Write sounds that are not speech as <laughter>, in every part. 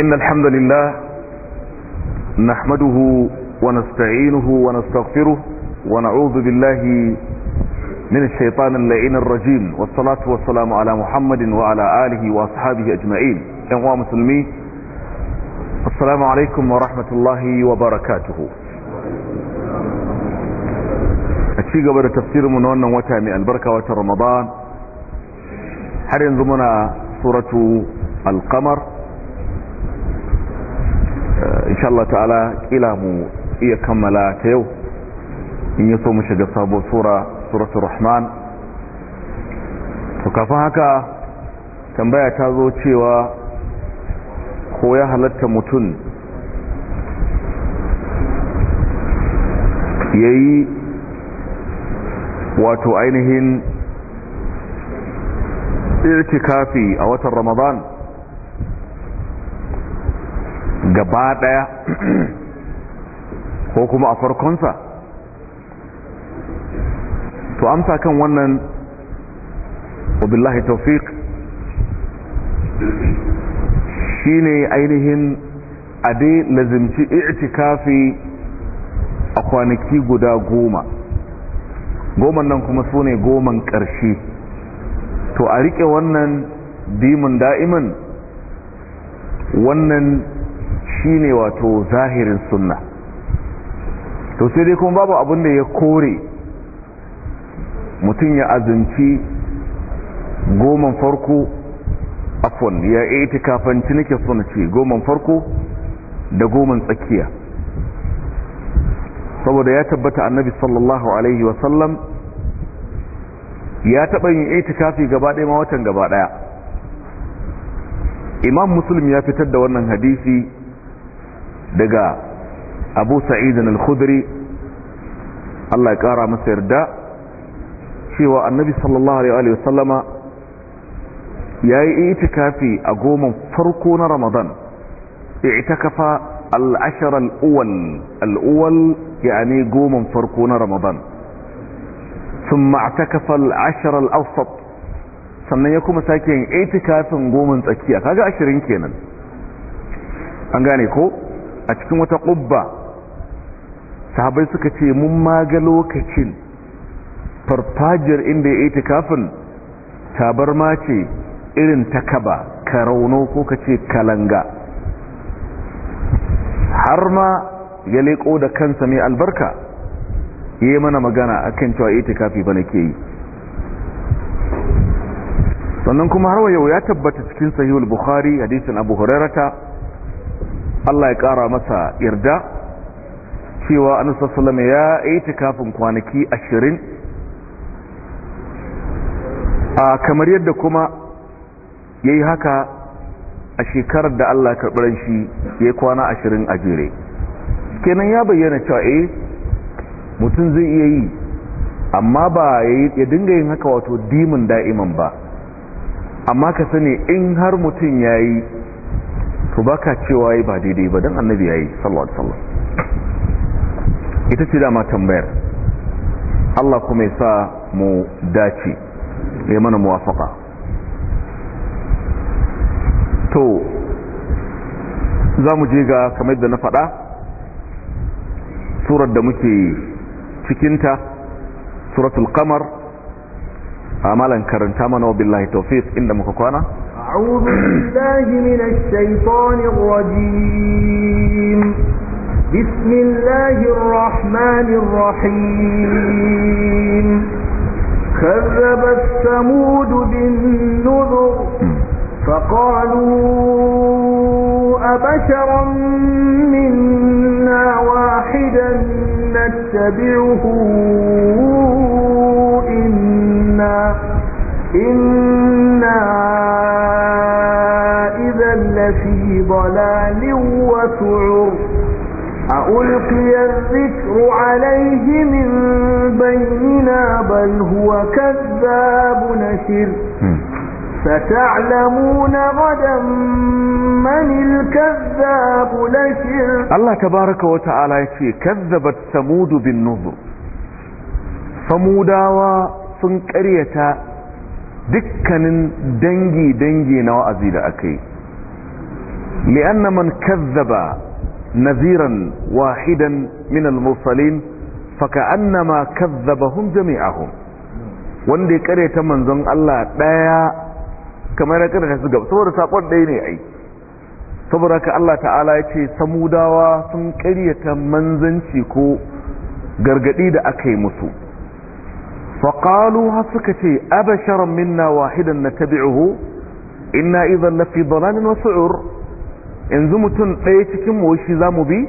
إن الحمد لله نحمده ونستعينه ونستغفره ونعوذ بالله من الشيطان اللعين الرجيم والصلاة والسلام على محمد وعلى آله وأصحابه أجمعين إخوة مسلمي السلام عليكم ورحمة الله وبركاته أتشيق بدأ تفسير من أنه وتامي البركة وترمضان har yanzu muna suratu alkamar eh, inshallah ta'ala kila mu iya kammala ta yau in yi so mu shiga sabon sura suratu rahman to kafin haka tambaya ta zo cewa ko ya halatta mutum ya yi wato ainihin masu itikafi a watan ramadan gaba daya ko kuma a farkonsa to amsa kan wannan wabillahi taufiq shine ainihin ade lazimci itikafi a kwanaki guda goma goman nan kuma sune goman karshe. to a riƙe wannan dimun da'iman wannan shine wato zahirin sunna to sai dai kuma babu abin da ya kore mutum ya azunci goman farko afon ya iti kafanci nake suna ce goman farko da goman tsakiya saboda ya tabbata annabi sallallahu alaihi wasallam ya taɓa yin itikafi gaba ɗaya ma watan gaba ɗaya imam muslim ya fitar da wannan hadisi daga abu sa'id al-khudri Allah ya ƙara masa yarda cewa annabi sallallahu alaihi wasallama ya yi itikafi a goman farko na ramadan itikafa al-ashar al'uwal uwal al goman farko na ramadan ثم اعتكف العشر الاوسط sannan ya kuma sake yin itikafin goman tsakiya kaga ashirin kenan an gane ko a cikin wata ƙubba sahabai suka ce mun maga lokacin farfajiyar inda ya itikafin tabarma ce irin ta kaba ka rauno ko ka ce kalanga har ma ya leƙo da kansa mai albarka yi mana magana a akan cewa itikafi ba nake yi sannan kuma har yau ya tabbata cikin sahihul bukhari hadisin abu hurairata Allah ya kara masa yarda cewa annabi sallallahu ya itikafin kwanaki 20 a kamar yadda kuma yayi haka a shekarar da Allah ya karɓar shi yayi kwana ashirin a jere kenan ya bayyana cewa eh mutum zai iya yi amma ba ya dinga yin haka wato dimin da'iman ba amma ka sani in har mutum ya yi to ba ka cewa ya ba daidai ba don annabi ya yi da sallwa. ita ce dama tambayar Allah kuma ya sa mu dace ya mana muwafaka to za mu je ga kamar da na faɗa surar da muke cikinta suratul qamar amalan karanta mana wa billahi tawfiq inda muka kwana a'udhu billahi minash shaitanir rajim bismillahir rahmanir rahim كذبت ثمود بالنذر فقالوا أبشرا منا واحدا نتبعه إنا إنا إذا لفي ضلال وسعر ألقي الذكر عليه من بيننا بل هو كذاب نشر ستعلمون غدا من الكذاب لشر الله تبارك وتعالى يتي كذبت ثمود بالنظر ثموداوا sun ƙaryata dukkanin dangi-dangi na wa'azi da aka yi li'anna man kazzaba naziran wahidan min al-mursalin faka'annama kazzabahum jami'ahum wanda ya ƙaryata manzon Allah ɗaya kamar na karanta su gaba saboda sakon ɗaya ne ai saboda ka Allah ta'ala ya ce samudawa sun ƙaryata manzanci ko gargaɗi da aka yi musu faƙalu ha suka ce abasharan minna wahidan na tabi'uhu ina idan lafi dalalin wasu'ur yanzu mutum ɗaya cikin mu shi za mu bi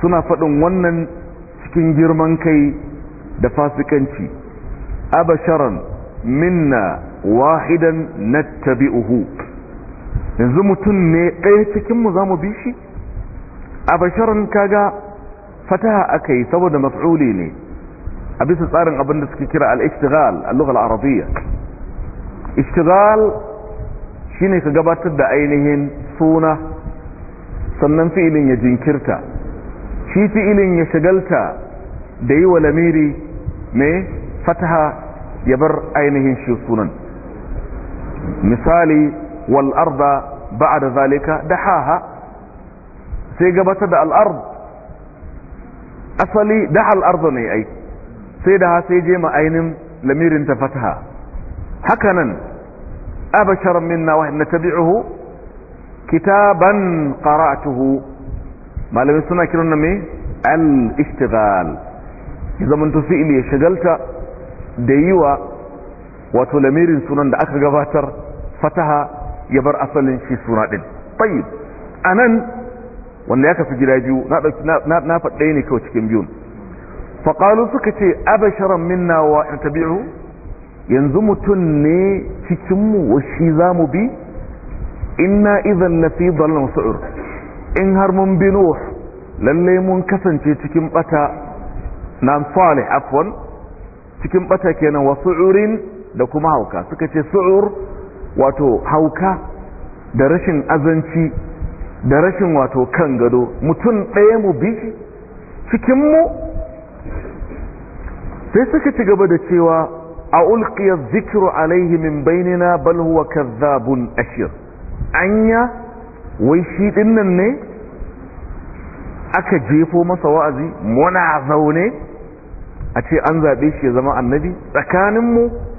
suna faɗin wannan cikin girman kai da fasikanci abasharan minna wahidan nattabi'uhu yanzu mutum ne ɗaya cikin mu zamu bi shi a basharan kaga fataha aka yi saboda maf'uli ne a bisa tsarin abin da suke kira al a lughal arabiyya ishtighal shine ka gabatar da ainihin suna sannan fi'ilin ya jinkirta shi fi'ilin ya shagalta da yi wa lamiri mai fataha ya bar ainihin shi sunan misali wal arda da zalika dahaha sai gabata da al asali daha al ne ai sai daha sai je ma ainin lamirin ta fataha hakanan abasharan minna na natabi'uhu kitaban qara'tuhu malamai suna kiran me al-ishtighal ya zamanto fi'ili shagalta da yiwa wato lamirin sunan da aka gabatar fataha ya bar asalin shi suna ɗin. A anan wanda ya kafi gida biyu na dauki na ne kawai cikin biyun faƙalu suka ce abasharan minna wa irtabi'u yanzu mutum ne cikin mu wa shi zamu bi inna idhan lafi dhalalin su'ur in har mun bi nuh lallai mun kasance cikin bata na salih afwan cikin bata kenan wa su'urin da kuma hauka suka ce su'ur wato hauka da rashin azanci da rashin wato kan gado mutum ɗaya mu bi cikinmu sai suka ci gaba da cewa a ulkiyar zikiru alaihi min bainina bal kazzabun ashir anya wai shi dinnan ne aka jefo masa wa'azi muna zaune a ce an zaɓe shi ya zama annabi tsakaninmu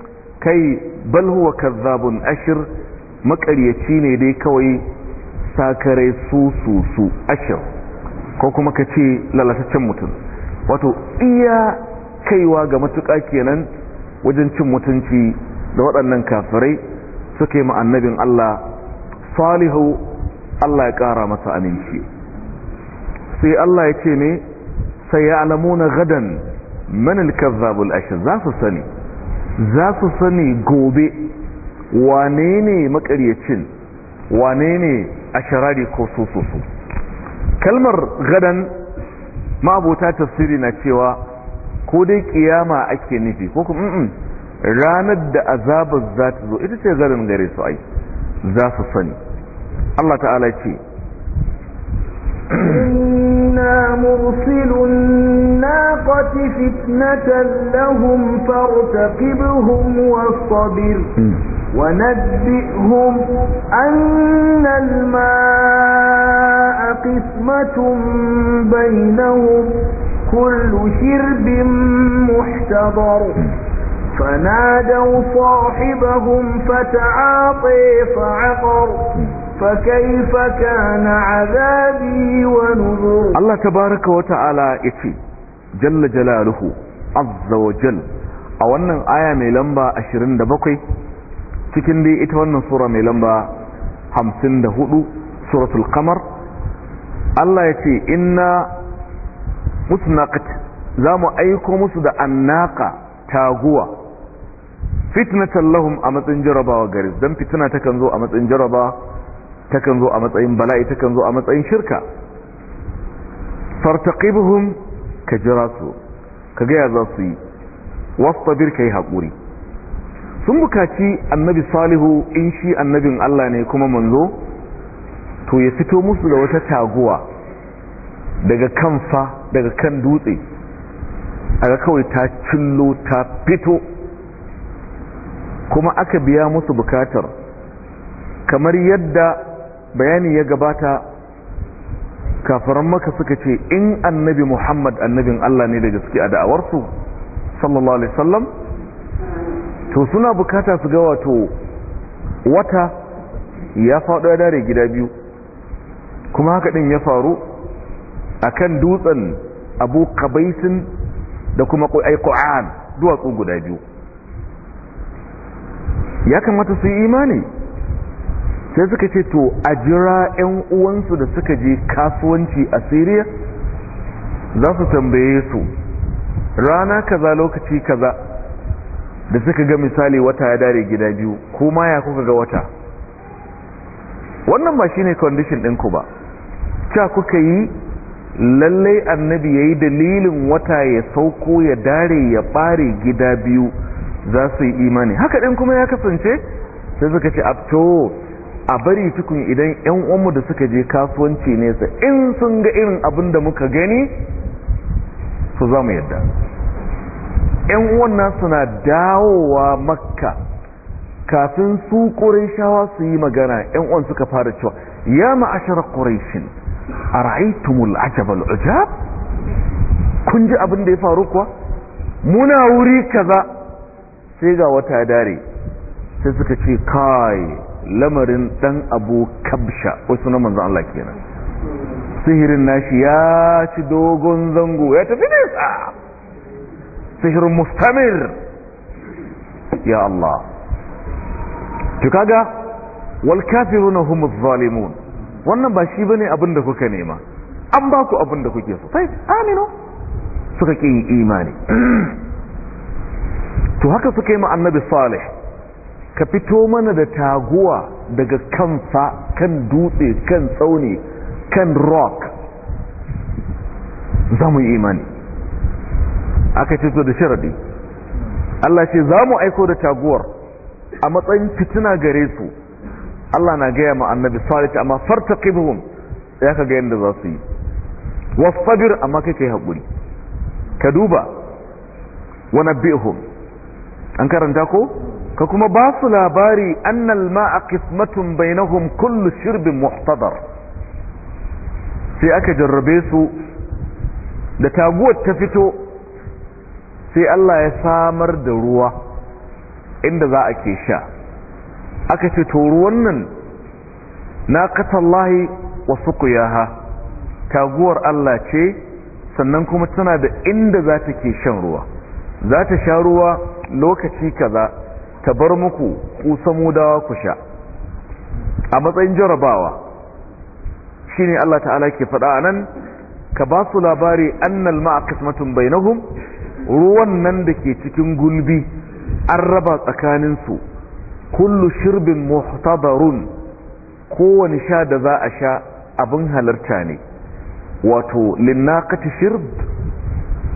kai bal huwa kazzabun ashir makaryaci ne dai kawai sakare su su su ashir ko kuma ka ce lalataccen mutum wato iya kaiwa ga matuƙa kenan wajen cin mutunci da waɗannan kafirai suke ma annabin Allah salihu Allah ya ƙara masa aminci sai Allah ya ce ne sai ya alamuna gadan manil kazzabul ashir za su sani za su sani gobe wane ne makaryacin wane ne a sharari ko sososo kalmar gadan ma'abota tafsiri na cewa ko dai kiyama ake nufi ko kuma ranar da azabar za ta zo ita ce gadan gare su ai za su sani Allah ta'ala ce إنا مرسل الناقة فتنة لهم فارتقبهم واصطبر ونبئهم أن الماء قسمة بينهم كل شرب محتضر فنادوا صاحبهم فتعاطي فعقر Allah Ta عذابي wa ta'ala ita وتعالى Jalla Jalaluhu جلاله a wannan aya mai lamba 27 cikin dai ita wannan sura mai lamba 54 suratul kamar Allah ya ce inna musnaqat za mu aiko musu da annaka taguwa fitnatan lahum a matsayin jarabawa gari don fitina takan zo a matsayin jarabawa takan zo a matsayin bala'i takan zo a matsayin shirka fartaqibuhum ka jira su ka ga ya za su yi wastabir kai haƙuri sun bukaci annabi salihu in shi annabin Allah ne kuma manzo to ya fito musu da wata taguwa daga kan fa daga kan dutse ga kawai ta cillo ta fito kuma aka biya musu bukatar kamar yadda bayani ya gabata kafaran maka suka ce in annabi muhammad annabin allah ne da gaske a da'awarsu sallallahu alaihi sallam to suna bukata su ga wato wata ya faɗo ya dare gida biyu kuma haka ɗin ya faru a kan dutsen abu kabaisin da kuma ƙwa'an duwatsu guda biyu ya kamata su yi imani sai suka ce to a jira 'yan uwansu da suka je kasuwanci a siriya za su tambaye su rana kaza lokaci kaza da suka ga misali wata ya dare gida biyu kuma ya kuka ga wata wannan ba ne condition ɗinku ba cewa kuka yi lallai annabi ya yi dalilin wata ya sauko ya dare ya ɓare gida biyu za su yi imani haka ɗin kuma ya kasance sai suka ce abto a bari tukun idan yan uwanmu da suka je kasuwanci nesa in sun ga irin abin da muka gani su za mu yadda yan uwan na suna dawowa makka kafin su ƙurayshawa su yi magana yan uwan suka fara cewa ya ma'ashar ƙurayshin ara'aytumul ajabal ujab kun ji abin da ya faru kuwa muna wuri kaza sai ga wata dare sai suka ce kai lamarin dan abu kabsha wasu na manzan Allah kenan sihirin nashi ya ci dogon zango ya tafi nesa sihirin mustamir ya Allah tukaga wal kafiruna hum wannan ba shi bane abin da kuka nema an ba ku abin da kuke so sai aminu suka ki imani <clears throat> to haka suka yi ma annabi salih ka fito mana da taguwa daga kan fa kan dutse kan tsauni kan rock za mu yi imani aka ce da sharadi Allah ce za mu aiko da taguwar a matsayin fitina gare su Allah na gaya ma annabi salih amma farta kibhum ya ka ga yadda za su yi wasabir amma kai kai haƙuri ka duba wa nabbihum an karanta ko ka kuma ba su labari annal ma'a qismatun bainahum kullu shirbin muhtadar sai aka jarrabe su da taguwar ta fito sai Allah ya samar da ruwa inda za a ke sha aka ce to ruwan nan na katallahi wasu kuyaha taguwar Allah ce sannan kuma tana da inda za ta ke shan ruwa za ta sha ruwa lokaci kaza ta bar muku ku dawa ku sha a matsayin jarabawa shine Allah ta'ala ke faɗa a nan ka ba su labari annal ma'a kasmatun bainahum ruwan nan da ke cikin gulbi an raba tsakaninsu kullu shirbin muhtadarun kowane sha da za a sha abin halarta ne wato linnaqati shirb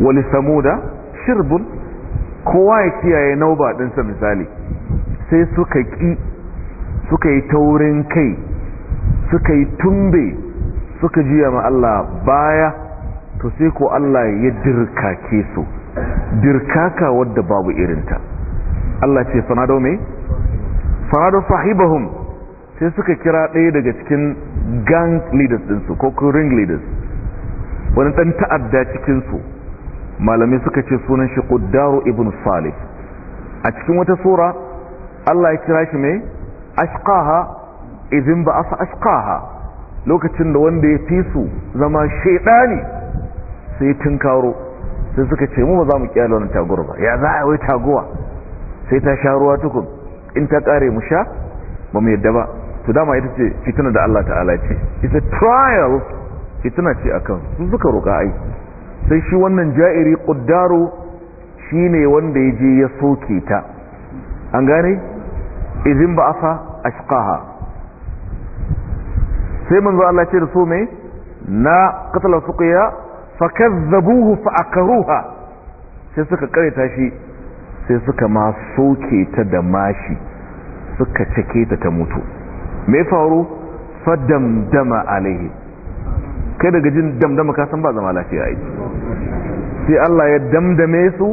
wa lisamuda shirbun kowa ya kiyaye nauba ɗinsa misali sai suka ƙi suka yi taurin kai suka yi tumbe suka jiya ma Allah baya to sai ko Allah ya dirkake su dirkaka wadda babu irinta Allah ce fanado me? fanado sahibahum sai suka kira ɗaya daga cikin gang leaders ɗinsu ko ring leaders wani ɗan ta'adda cikinsu malamai suka ce sunan shi quddaru ibn salih a cikin wata sura Allah ya kira shi mai ashqaha idan ba asa ashqaha lokacin da wanda ya fi su zama shaidani sai tunkaro sai suka ce mu ba za mu kiyala wannan taguwar ba ya za a wai taguwa sai ta sha ruwa tukun in ta kare mu sha ba mu yadda ba to dama ita ce fitina da Allah ta'ala ce ita trial fitina ce akan su suka roƙa aiki sai shi wannan ja'iri ƙuddaro shi ne wanda ya je ya soke ta an gane izin ba afa ashqaha sai manzo Allah ce da so mai na qatala suqiya fakazzabuhu fa akaruha sai suka ƙareta shi sai suka ma soke ta da mashi suka cike ta ta mutu mai faru fa damdama alaihi kai daga jin damdama kasan san ba zama lafiya yi. sai Allah ya damdame su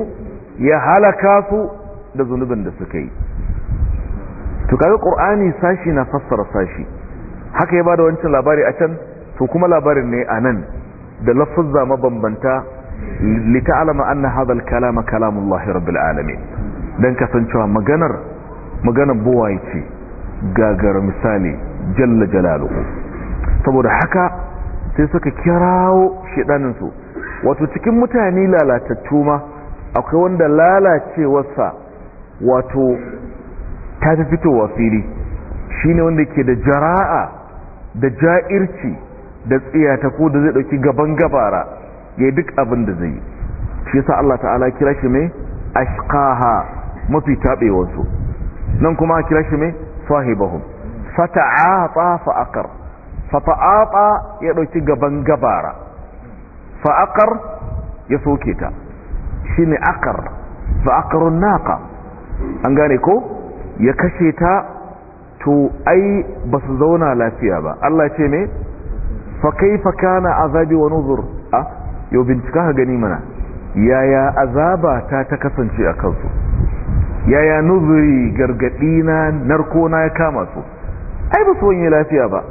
ya halaka su da zunubin da suka yi to kaga qur'ani sashi na fassara sashi haka ya bada wancan labari a can to kuma labarin ne a nan da lafuzza mabambanta lita'alama anna hadha al-kalama kalamullahi rabbil alamin dan kasancewa maganar maganar buwaye ce gagara misali jalla jalaluhu saboda haka sai suka kirawo shedanin su wato cikin mutane lalatattu ma akwai wanda lalacewarsa wato ta fi fitowa fili shine wanda ke da jara'a da ja'irci da tsiyata ko da zai dauki gaban gabara ya duk abin da zai shi yasa Allah ta'ala kira shi mai ashqaha mafi tabewarsu nan kuma kira shi mai sahibahum fata'ata fa'aqar fata'ata ya dauki gaban gabara fa'akar ya soke ta shi ne akar fa'akarun naka an gane ko ya kashe ta to ai ba su zauna lafiya ba Allah ce ne fa na kana azabi wa nuzur a yau bincika ka gani mana yaya azaba ta ta kasance a kansu yaya nuzuri gargadi na narko na ya kama su ai ba su wani lafiya ba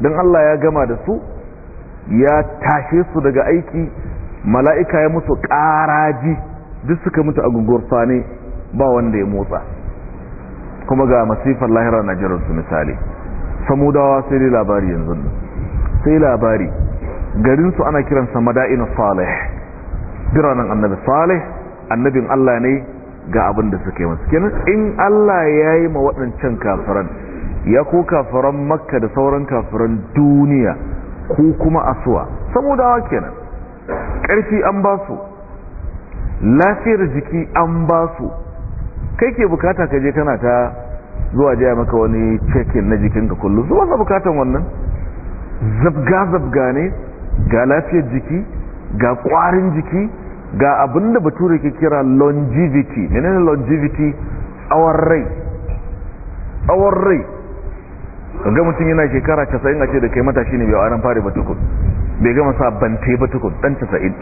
don Allah ya gama da su ya tashe su daga aiki mala'ika ya musu ƙaraji duk suka mutu a sani sani ba wanda ya motsa kuma ga masifar lahira na su misali samudawa sai dai labari yanzu sai labari garinsu ana kiransa mada'in salih biranen annabi salih annabin allah ne ga abin da suke masu kenan in allah ya yi ma waɗancan kafiran ya ko kafiran makka da sauran kafiran duniya ku kuma asuwa wa kenan ƙarfi an ba su lafiyar jiki an ba su kai ke bukata ka je kana ta zuwa jaya maka wani cekin na jikinka kullum zuwa za bukatan wannan zabga-zabga ne ga lafiyar jiki ga ƙwarin jiki ga abin da bature ke kira longevity menene longevity tsawon rai tsawon rai ga mutum yana shekara casa'in a ce da kai matashi ne bai waran fari ba bai gama sa bante ba tukun dan casa'in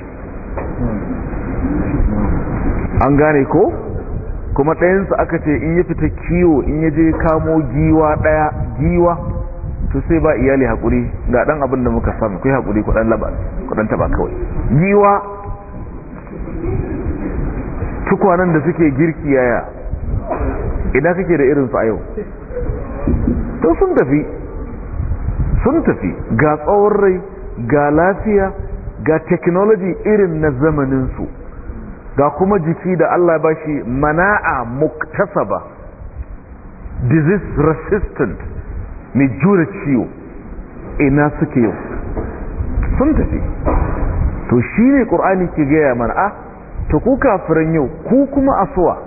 an gane ko kuma ɗayansa aka ce in ya fita kiwo in ya je kamo giwa ɗaya giwa to sai ba iyali haƙuri ga ɗan abin da muka samu kai haƙuri kuɗan laba kuɗan taba kawai giwa tukwanan da suke girki yaya idan kake da irinsu a yau to sun tafi sun tafi ga tsawon rai ga lafiya ga technology irin na zamaninsu ga kuma jiki da Allah ba shi mana'a muktasaba disease resistant mai jure ciwo ina suke yau sun tafi to shi ne ƙur'ani ke gaya mana a ah, ta ku kafiran yau ku kuma asuwa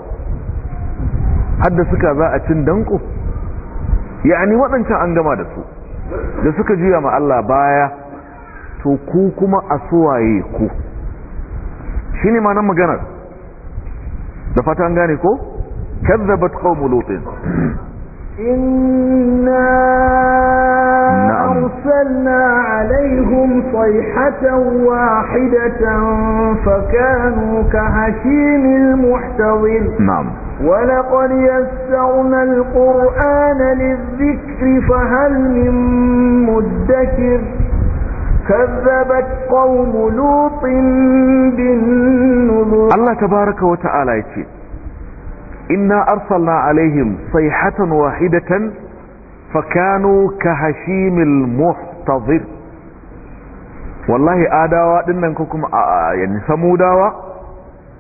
hadda suka za a cin danko yani waɗancan an gama da su da suka juya ma Allah baya to ku kuma a suwaye ku shine ma manan maganar da fatan gane ko kazzabat qaumul lutin إنا نعم. أرسلنا عليهم صيحة واحدة فكانوا كهشيم المحتضر نعم ولقد يسرنا القرآن للذكر فهل من مدكر كذبت قوم لوط بالنذر الله تبارك وتعالى يتيب inna arsalna alaihim sayhatan wahidatan fakanu kahashimil mustavir. wallahi adawa dinnan ko kuma yani samudawa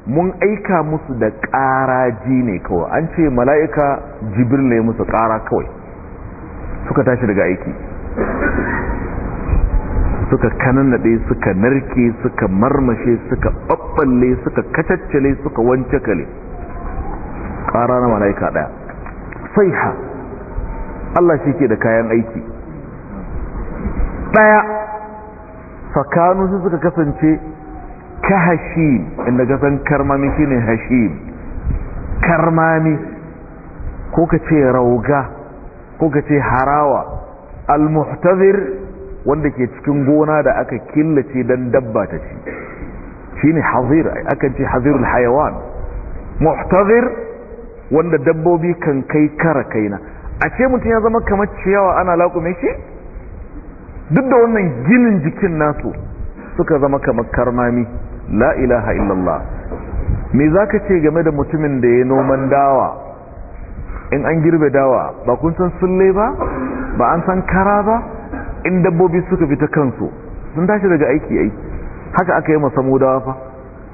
mun aika musu da ƙaraji ne kawai an ce mala'ika jibril ne musu ƙara kawai suka tashi daga aiki suka kananaɗe suka narke suka marmashe suka babballe suka kacaccale suka wancakale ƙara na mala'ika ɗaya ha Allah shi ke da kayan aiki ɗaya fakanu su suka kasance ka hashim inda gasan karmami shi ne hashim karmami ko ka ce rauga ko ka ce harawa almuhtazir wanda ke cikin gona da aka killace don dabba ta ci shi ne hazir akan ce hazirul hayawan muhtazir wanda dabbobi kan kai kara kaina a ce mutum ya zama kamar ciyawa ana laƙume shi duk da wannan ginin jikin nasu suka zama kamar karmami la ilaha illallah me za ka ce game da mutumin da ya noman dawa in an girbe dawa ba kun san sulle ba ba an san kara ba in dabbobi suka fita kansu sun tashi daga aiki aiki haka aka yi masamu dawa fa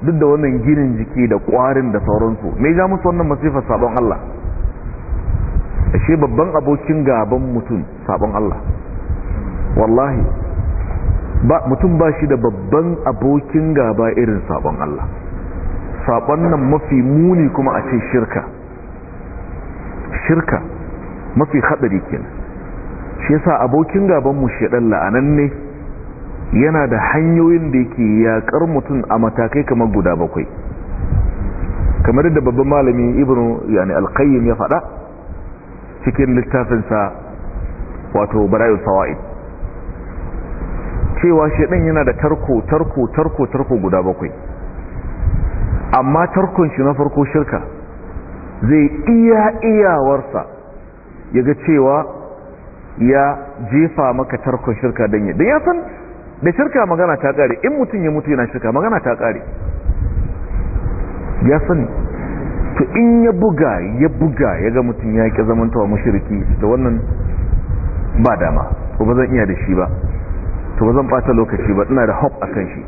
duk da wannan ginin jiki da kwarin da sauransu me ja musu wannan masifar sabon Allah ashe babban abokin gaban mutum sabon Allah wallahi ba mutum ba shi da babban abokin gaba irin sabon Allah sabon nan mafi muni kuma a ce shirka shirka mafi hadari kenan shi yasa abokin gaban mu shedan la'anan ne yana da hanyoyin da yake yaƙar mutum a matakai kamar guda bakwai kamar da babban malami ibnu yani alqayyim ya faɗa cikin littafinsa wato barayul sawa'id cewa shedan yana da tarko tarko tarko tarko guda bakwai amma tarkon shi na farko shirka zai iya iyawarsa ya ga cewa ya jefa maka tarkon shirka dan ya don ya san da shirka magana ta kare in mutum ya mutu yana shirka magana ta kare ya sani to in ya buga ya buga ya ga mutum ya ƙi zamantawa mushiriki. da wannan ba dama ko ba zan iya da shi ba to ba zan ɓata lokaci ba ina da hop a kan shi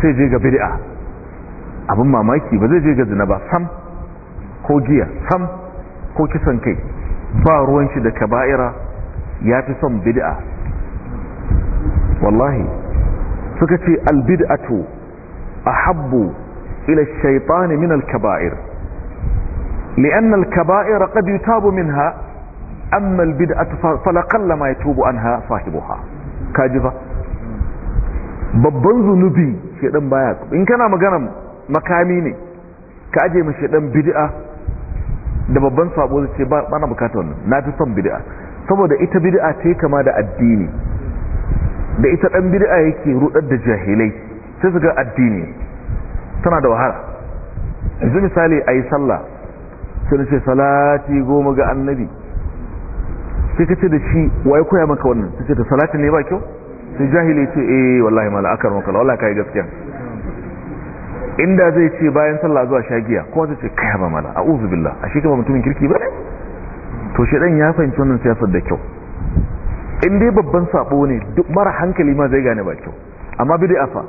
sai je ga bid'a abin mamaki ba zai je ga zina ba sam ko giya sam ko kisan kai ba ruwan shi da kaba'ira ya fi son bid'a wallahi suka ce albid'atu ahabbu ila ash-shaytan min al-kaba'ir لأن الكبائر قد يتاب منها ya البدعة an ha يتوب ha kaji ba. babban zunubi shedan baya in kana magana makami ne ka aje ma shedan bid'a da babban sabo zai ce ba na bukatar wannan na fi son bid'a saboda ita bid'a ta kama da addini da ita dan bid'a yake rudar da jahilai sai su ga addini tana da wahala yanzu misali yi sallah sai ce salati goma ga annabi sai kace da shi wai koya maka wannan sai ta salati ne ba kyau sai jahili ce eh wallahi mala akar maka wallahi kai gaskiya inda zai ce bayan sallah zuwa shagiya ko zai ce kai ba mala a'udhu billah ashe ka ba mutumin kirki ba to dan ya fahimci wannan siyasar da kyau in dai babban sabo ne duk mara hankali ma zai gane ba kyau amma da afa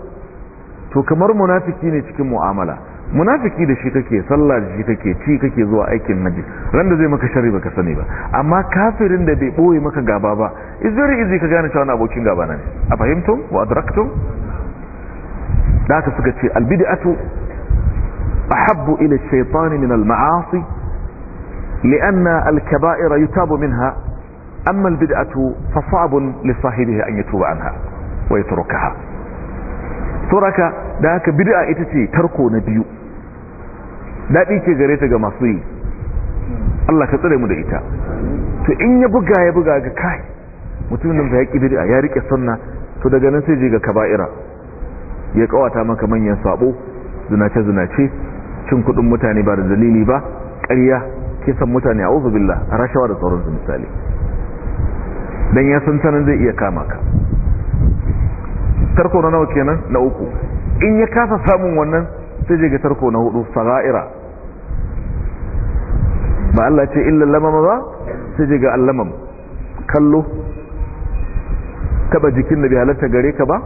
to kamar munafiki ne cikin mu'amala munafiki da shi kake sallah da shi kake ci kake zuwa aikin naji ran da zai maka sharri baka sani ba amma kafirin da bai boye maka gaba ba is very ka gane cewa abokin gaba ne a fahimtum wa adraktum da ka suka ce a ahabbu ila ash-shaytan min al-ma'asi li'anna al-kaba'ira yutabu ha. أما البدعة فصعب لصاحبه أن يتوب عنها ويتركها ترك ذاك بدعة إتتي تركو نبيو daɗi ce gare ta ga masu yi Allah ka tsare mu da ita to in ya buga ya buga ga kai mutumin da ya ƙi bid'a ya rike sunna to daga nan sai je ga kaba'ira ya kawata maka manyan sabo zinace zinace cin kuɗin mutane ba da dalili ba ƙarya kisan mutane a uzu billah rashawa da sauransu misali Dan ya san zai iya kama ka tarko na nawa kenan na uku in ya kasa samun wannan sai je ga tarko na hudu sara'ira ba Allah ce illa lamama ba sai je ga allamam kallo taba jikin da bai halatta gare ka ba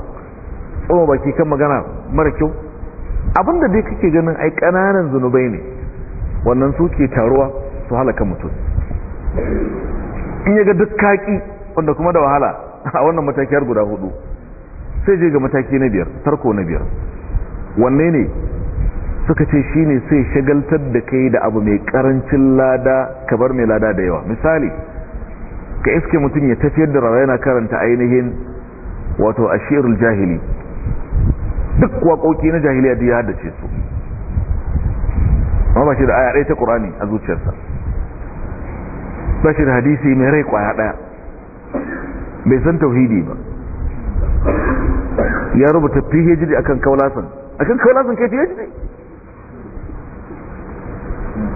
tsoma baki kan magana mara kyau abinda dai kake ganin ai kananan zunubai ne wannan su ke taruwa su halaka mutum in yaga duk kaki wanda kuma da wahala <laughs> a wannan matakiyar guda hudu sai je ga mataki na biyar tarko na biyar wanne ne suka ce shi ne sai shagaltar da kai da abu mai karancin lada ka bar mai lada da yawa misali ka iske mutum ya tafiyar da rawa yana karanta ainihin wato ashirul jahili duk waƙoƙi na jahiliya da ya haddace su amma ba shi da aya ɗaya ta ƙurani a zuciyarsa ba shi da hadisi mai rai ƙwaya ɗaya bai san tauhidi ba ya rubuta phd akan kaulasan akan kaulasan kai phd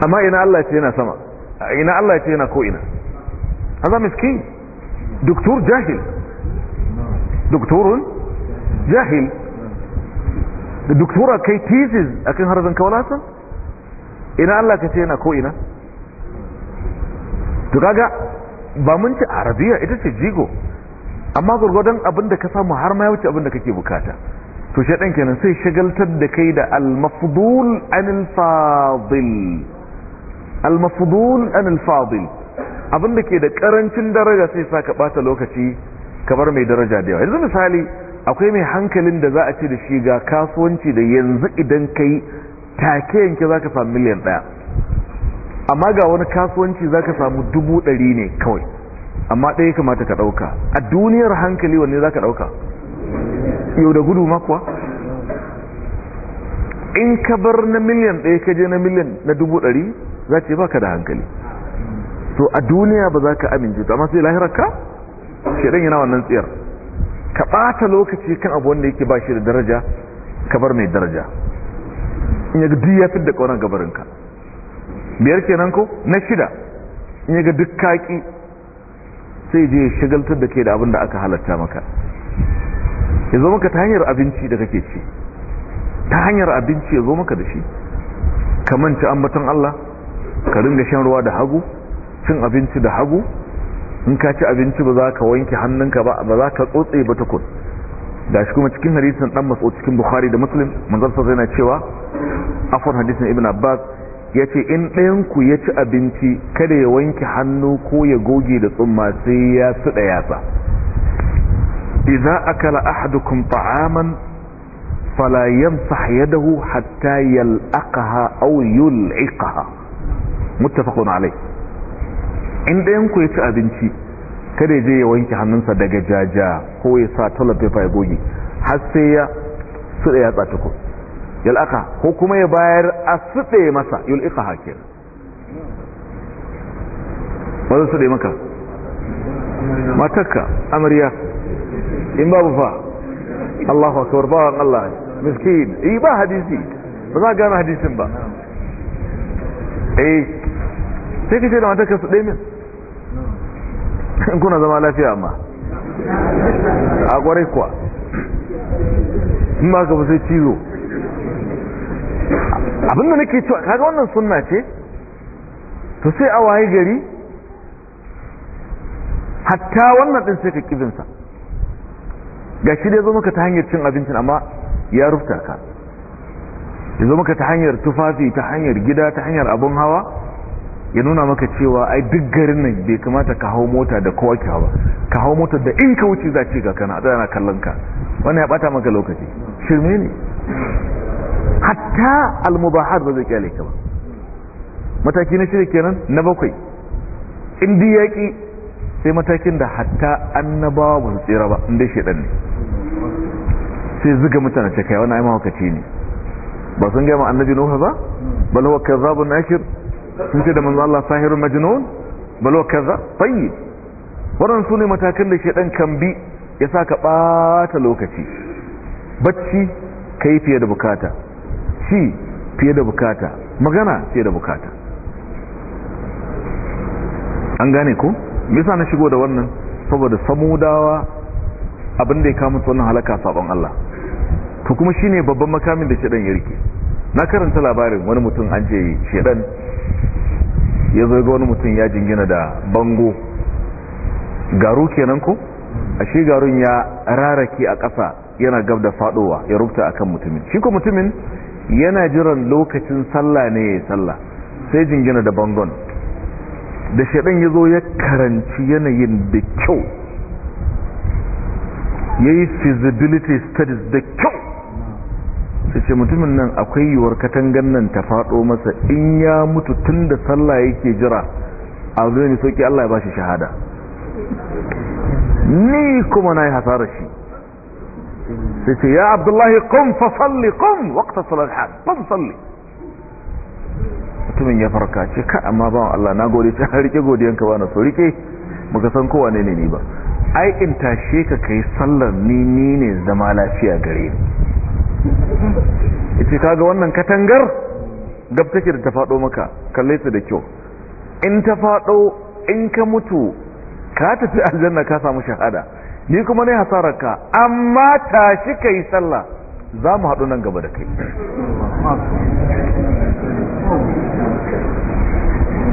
amma ina Allah ya ce yana sama ina Allah ya ce yana ko'ina haza miskin doktor jahil doktorun jahil da doktora kai thesis akan harzan kaulasan ina Allah ka ce yana ko'ina to kaga ba mun ci arabiya ita ce jigo amma gurgudan abin da ka samu har ma ya wuce abin da kake bukata to shaɗan kenan sai shagaltar da kai da al-mafdul anil fadil al-mafdul anil fadil abin da ke da ƙarancin daraja sai sa ka bata lokaci kamar mai daraja da yawa yanzu misali akwai mai hankalin da za a ce da shi ga kasuwanci da yanzu idan ka take yanke za ka samu miliyan ɗaya amma ga wani kasuwanci za ka samu dubu ɗari ne kawai amma ɗaya kamata ka ɗauka a duniyar hankali wanne za ka ɗauka yau da gudu makuwa in ka bar na miliyan ɗaya ka je na miliyan na dubu ɗari za ce ba ka da hankali to a duniya ba za ka amince to amma sai lahirar ka shaidan yana wannan tsiyar ka ɓata lokaci kan abu wanda yake ba shi da daraja ka bar mai daraja in yaga duk ya fidda ƙaunar gabarinka biyar kenan ko na shida in yaga duk kaƙi sai je ya shagaltar da ke da abin da aka halatta maka ya zo maka ta hanyar abinci da kake ci ta hanyar abinci ya zo maka da shi ka manta ambaton Allah ka ringa shan ruwa da hagu cin abinci da hagu in ka ci abinci ba za ka wanke hannunka ba ba za ka tsotse ba tukun da shi kuma cikin hadisin dan maso cikin bukhari da muslim manzon sa zai na cewa afon hadisin ibn abbas ya ce in ɗayanku ya ci abinci kada ya wanke hannu ko ya goge da tsumma sai ya suɗa yatsa iza akala ahadukum ta'aman fala yamsah yadahu hatta yal'aqaha aw yul'iqaha muttafaqun alai in ɗayanku ya ci abinci kada je ya wanke hannunsa daga jaja ko ya sa toilet paper ya goge har sai ya suɗa yatsa tukun yal'aka ko kuma ya bayar a suɗe masa yul'ika hakir ba zai suɗe maka matakka amarya in babu fa Allahu akbar bawan Allah miskin yi eh, ba hadisi ba za a gane hadisin ba eh sai kace da matakka suɗe min kuna zama lafiya amma a kwarai kuwa in ba ka fi sai cizo abinda nake cewa kaga wannan sunna ce to sai a waye gari hatta wannan din sai ka kibinsa ga shi da ya zo maka ta hanyar cin abincin amma ya rufta ka ya zo maka ta hanyar tufafi ta hanyar gida ta hanyar abin hawa ya nuna maka cewa ai duk garin nan bai kamata ka hau mota da kowa ki hawa ka hau mota da in ka wuce za ce ga kana a tsaya na kallon ka wannan ya bata maka lokaci shirme ne hatta almubahat ba zai kyale ka ba mataki na shirya kenan na bakwai in yaƙi sai matakin da hatta annabawa ba su tsira ba inda shaidan ne sai zuga mutane ce kai wani aima wakati ne ba sun gama annabi nuha ba bal huwa kazzabun ashir sun ce da manzo Allah sahirun majnun bal huwa kazzab tayyib wannan sune matakan da shaidan kan bi ya saka bata lokaci bacci kai fiye da bukata ci fiye da bukata magana fiye da bukata an gane ku misa na shigo da wannan saboda samudawa abin da ya kamata wannan halaka sabon Allah to kuma shine babban makamin da shedan ya rike na karanta labarin wani mutum an je shedan ya zo ga wani mutum ya jingina da bango garu kenan ko ashe garun ya rarake a ƙasa yana gab da fadowa ya rubuta akan mutumin shi ko mutumin yana jiran lokacin sallah ne ya sallah sai jingina da bangon da shaɗin ya zo ya karanci yanayin da kyau ya yi feasibility studies da kyau sai ce mutumin nan akwai yiwuwar katangan nan ta faɗo masa in ya mutu tun da sallah yake jira a zuwa ne sauƙi allah ya ba shi shahada ni kuma na yi hasarar shi sai ce ya abdullahi qum fa salli qum waqta salat had salli mutumin ya farka ce ka amma bawan Allah na gode ta <laughs> rike godiyanka ba na so rike muka san kowa ne ni ba ai in tashe ka kai sallar ni ni ne zama lafiya gare ni ita kaga wannan katangar gab take da ta fado maka kalle ta da kyau in ta fado in ka mutu ka tafi aljanna ka samu shahada ni kuma ne hasararka amma tashi kai sallah za mu haɗu nan gaba da kai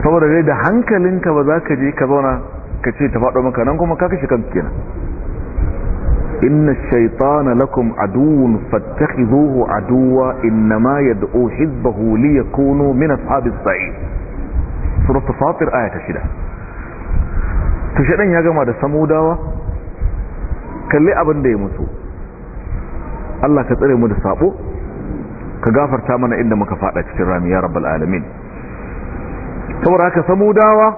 saboda dai da hankalinka ba za ka je ka zauna ka ce ta faɗo maka nan kuma kaka shi kan kina. inna shaytana lakum aduwwun fattakhizuhu aduwwa innama yad'u hizbahu liyakunu min ashabis sa'id surah fatir aya ta 6 to shedan ya gama da samudawa kalli abin da ya mutu. Allah ka tsare mu da sabo ka gafarta mana inda muka fada cikin rami ya rabbal alamin saboda haka samudawa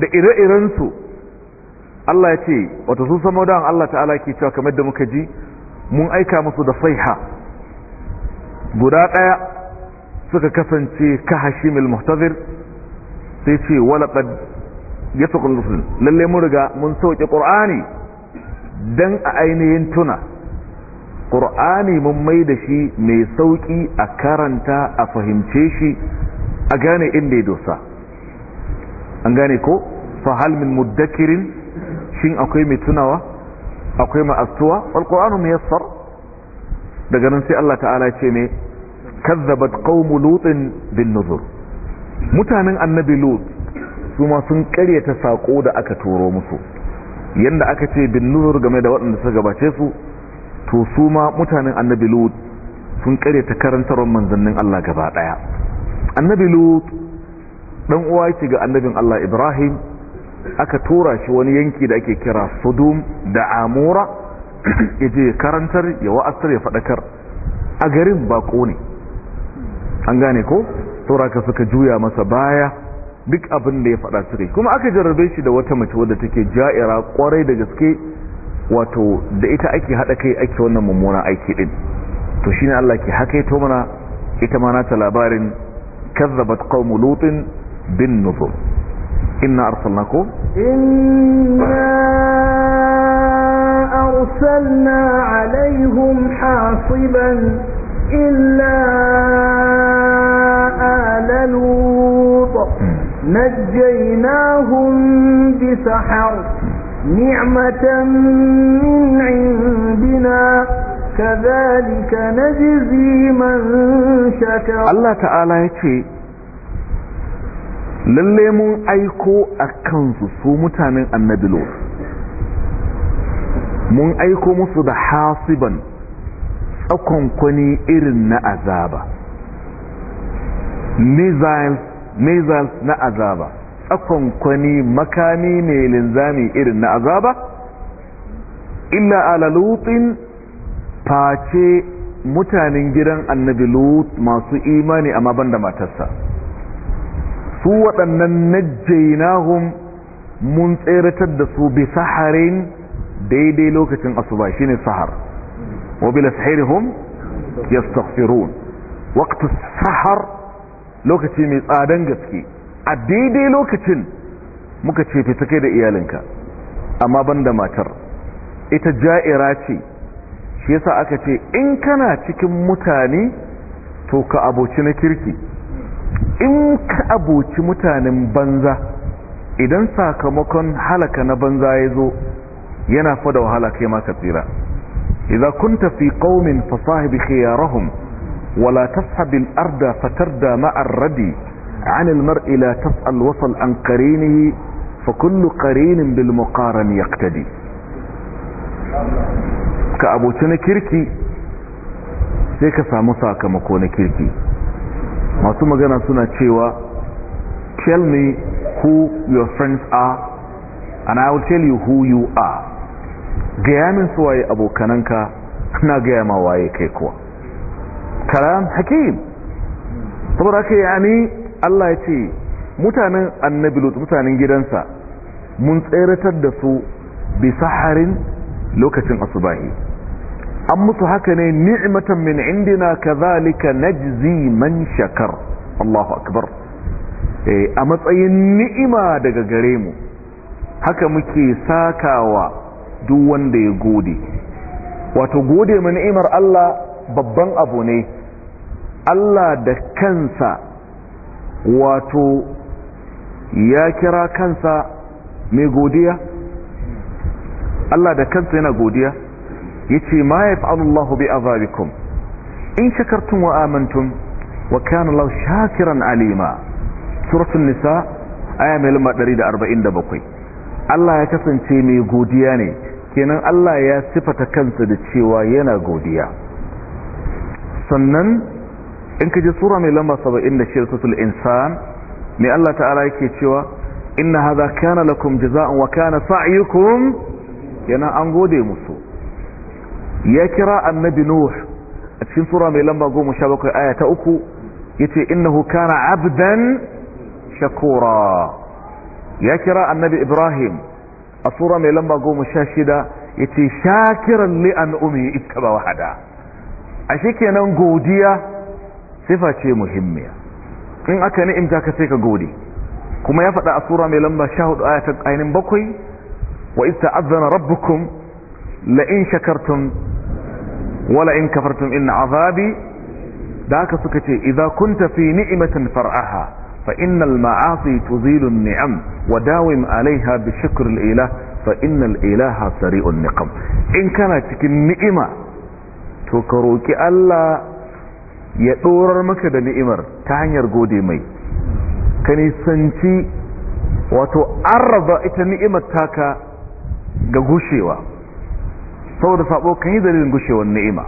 da ire-iren su Allah ya ce wato sun samudawan Allah ta'ala ke cewa kamar da muka ji mun aika musu da saiha guda daya suka kasance ka hashimil muhtazir sai ce walaqad yasqul rusul lalle mun riga mun sauke qur'ani Dan a ainihin tuna ƙur'ani mun mai da shi mai sauƙi a karanta a fahimce shi a gane inda ya dosa an gane ko fahal min muddakirin shin akwai mai tunawa akwai ma'astuwa alƙur'anu mai yassar daga nan sai Allah ta'ala ce ne kazzabat qaumu lutin bin nuzur mutanen annabi lut su ma sun ƙaryata sako da aka turo musu yanda aka ce bin nuzur game da waɗanda suka gabace su to su ma mutanen annabi lut sun kare ta karantarwar manzannin Allah gaba daya annabi lut dan uwa yake ga annabin Allah Ibrahim aka tura shi wani yanki da ake kira Sodom da Amura yaje karantar ya wa'asar ya faɗakar a garin bako ne an gane ko ka suka juya masa baya duk abin da ya faɗa suka kuma aka jarrabe shi da wata mace wadda take ja'ira kwarai da gaske wato da ita ake haɗa kai ake wannan mummunan aiki ɗin to shine Allah ke haka ita mana ita mana ta labarin kazzabat qaumu lutin bin nuzur inna arsalnakum inna أرسلنا عليهم حاصبا إلا آل لوط نجيناهم بسحر نعمة من عندنا كذلك نجزي من شكر الله تعالى يكفي lalle mun aiko a kansu su mutanen annabi lot mun aiko musu da hasiban tsakonkwani irin na azaba missiles mizas na azaba tsakonkwani makami ne linzami irin na azaba illa ala face mutanen gidan annabi lut masu imani amma banda matarsa su waɗannan najjainahum mun tseratar da su bi saharin daidai lokacin asuba ne sahar wa bila ya yastaghfirun waqtu sahar lokaci mai tsadan gaske a daidai lokacin muka ce fita kai da iyalinka amma ban da matar ita ja'ira ce shi yasa aka ce in kana cikin mutane to ka aboci na kirki in ka aboci mutanen banza idan sakamakon halaka na banza ya zo yana fada wahala kai ma ka tsira idan kunta fi qaumin fasahib khiyarahum ولا تصحب الأرض فتردى مع الردي عن المرء لا تسأل وصل عن قرينه فكل قرين بالمقارن يقتدي ka abuci na kirki sai ka samu sakamako na kirki masu magana suna cewa tell me who your friends are and I will tell you who you are gaya min su waye abokananka na gaya ma waye kai kuwa kalam hakim saboda haka yani Allah ya ce mutanen annabi lut mutanen gidansa mun tseratar da su bisa harin lokacin asubahi an musu haka ne ni'imatan min indina kazalika najzi man shakar Allahu akbar eh, a matsayin ni'ima daga gare mu haka muke sakawa duk wanda ya gode wato gode mu ni'imar Allah babban abu ne Allah da kansa wato ya kira kansa mai godiya Allah da kansa yana godiya Ya ce ma Allah bi azabikum in shakartun wa amintun wa kyanu Allah shakiran alima suratun nisa aya mai lamba 147 Allah ya kasance mai godiya ne kenan Allah ya sifata kansa da cewa yana godiya sannan in ka ji sura mai lamba 76 suratul insan ne Allah ta'ala yake cewa inna hadha kana lakum jazaa'un wa kana sa'yukum yana an gode musu ya kira annabi nuh a cikin sura mai lamba bakwai aya ta ya yace ina hukana 'abdan shakura ya kira annabi ibrahim a sura mai lamba 16 yace shakiran li an umi ittaba wahada ashe kenan godiya sifa ce muhimmiya in aka ni'imta ka sai ka gode kuma ya faɗa a sura mai lamba sha hudu ta ainin bakwai wa ista'azzana rabbukum la in shakartum wala in kafartum inna azabi da haka suka ce idza kunta fi ni'matin far'aha fa innal ma'asi tuzilu ni'am wa dawim 'alayha bi shukri al-ilah fa innal ilaha sari'un niqam in kana cikin ni'ima to ka roki Allah ya ɗorar maka da ni'imar ta hanyar gode mai ka nisanci wato arraba ita ni'imar taka ga gushewa saboda sabo kan yi dalilin gushewar ni'ima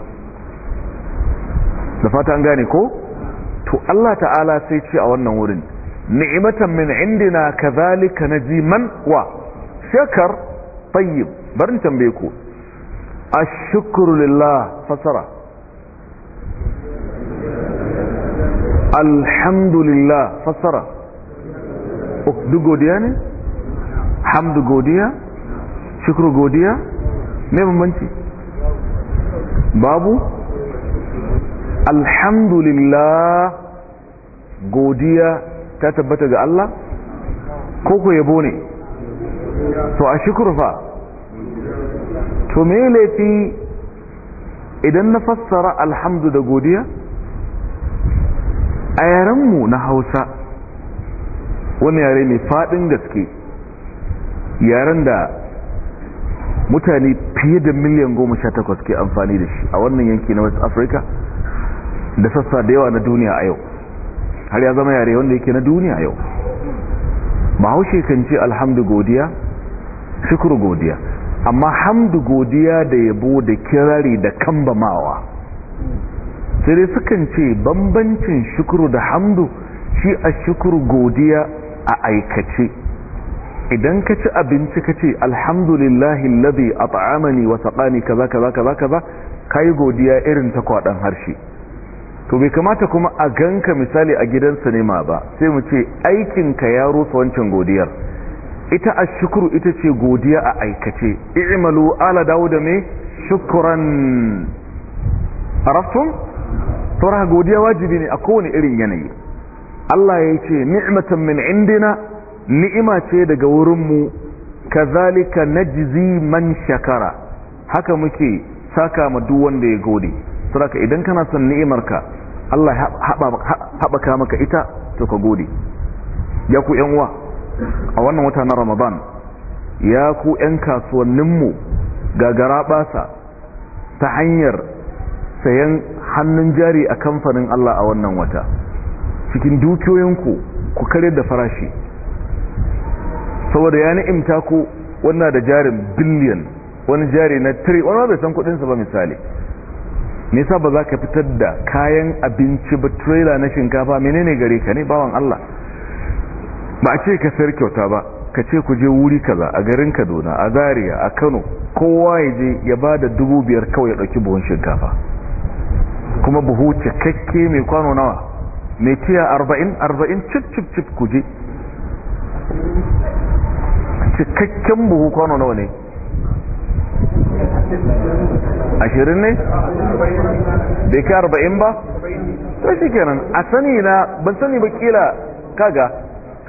da fata an gane ko to Allah ta'ala sai ce a wannan wurin ni'imatan min indina kazalika ji man wa shakar tayyib barin tambaye ku shukuru lillah fasara alhamdulillah fassara oh, duk godiya ne hamdu godiya shukru godiya ne bambanci babu alhamdulillah godiya ta tabbata ga Allah ko ku yabo ne to a shukuru fa to me laifi idan na fassara alhamdu da godiya a yarenmu na hausa wani yare mai fadin gaske yaren da mutane fiye da miliyan goma sha takwas ke amfani da shi a wannan yanki na west africa da sassa da yawa na duniya a yau har ya zama yare wanda yake na duniya a yau Mahaushe kan ce alhamdu godiya shukuru godiya amma hamdu godiya da yabo da kirari da kambamawa sai dai sukan ce bambancin shukuru da hamdu shi a shukuru godiya a aikace idan ka ci abinci ka ce alhamdulillahi ladi a ta'amani wa saƙani kaza kaza kaza kaza ka yi godiya irin ta kwaɗan harshe to bai kamata kuma a ganka misali a gidan sinima ba sai mu ce aikin ka ya rusa wancan godiyar ita a shukuru ita ce godiya a aikace i'malu ala dawo da me shukuran rafin saura godiya wajibi ne a kowane irin yanayi Allah ya ce ni'matan min indina ni'ima ce daga wurin mu. kazalika najzi man shakara haka muke saka ma duk wanda ya gode saboda idan kana son ni'imarka Allah haɓaka maka ita to ka gode ya ku yan uwa a wannan wata na Ramadan ya ku yan kasuwanninmu gagara sa. ta hanyar sayan hannun jari a kamfanin Allah a wannan wata cikin dukiyoyinku ku kare da farashi saboda ya ni'imta ku wannan da jarin biliyan wani jari na 3 wani bai san kudinsa ba misali nisa ba za ka fitar da kayan abinci ba trailer na shinkafa menene gare ka ne bawan Allah ba a ce ka sayar kyauta ba ka ce ku je wuri kaza a garin Kaduna a Zaria a Kano kowa ya je ya ba da dubu biyar kawai ya ɗauki buhun shinkafa kuma buhu cikakke mai kwano nawa mai tiya arba'in arba'in cip cip cip kuje cikakken buhu kwano nawa ne ashirin ne bai kai arba'in ba sai shi kenan a sani na ban sani ba kila kaga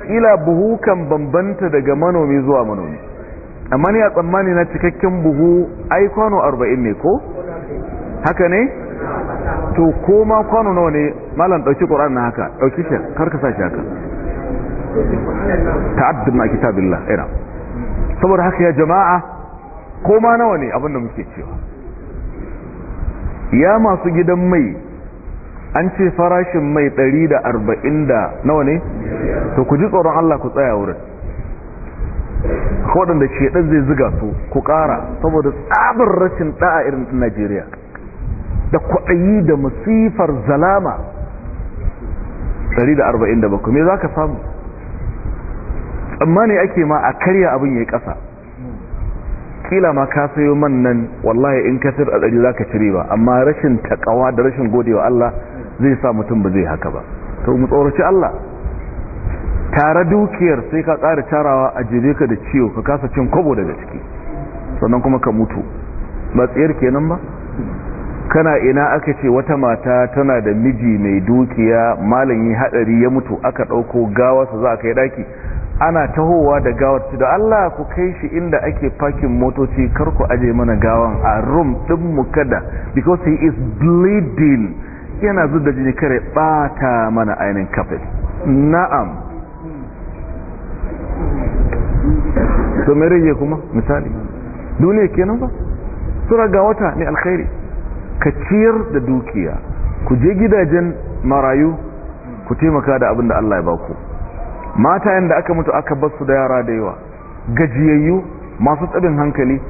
kila buhu kan bambanta daga manomi zuwa manomi amma ni a tsammani na cikakken buhu ai kwano arba'in ne ko haka ne to ko ma kwano nawa ne malam dauki qur'an na haka dauki shi kar ka sashi haka ta'addud ma kitabillah ira saboda haka ya jama'a ko ma nawa ne abinda muke cewa ya masu gidan mai an ce farashin mai 140 da nawa ne to ku ji tsoron Allah ku tsaya wurin waɗanda shedan zai ziga su ku ƙara saboda tsabar rashin ɗa'a irin Najeriya da kwaɗayi da masifar zalama 147 me za ka samu tsammani ake ma a karya abin ya yi ƙasa Ƙila ma ka sayo man nan wallahi in kasir a ɗari za ka cire ba amma rashin taƙawa da rashin godewa Allah zai sa mutum ba zai haka ba to mu tsoraci Allah tare dukiyar sai ka ƙara carawa a jere ka da ciwo ka kasa cin kwabo daga ciki sannan kuma ka mutu ba tsayar kenan ba kana ina aka ce wata mata tana da miji mai dukiya malami hadari ya mutu aka dauko su za a kai daki ana tahowa da gawar da Allah ku kai shi inda ake fakin motoci kar ku aje mana gawan a rum din mu kada because he is bleeding yana da jini kare bata mana ainin kafin na'am to me rage kuma misali duniya kenan ba sura ga wata ne alkhairi ka ciyar da dukiya ku je gidajen marayu ku taimaka da abin da Allah ya baku mata yadda aka mutu aka basu da yara da yawa gajiyayyu masu tsabin hankali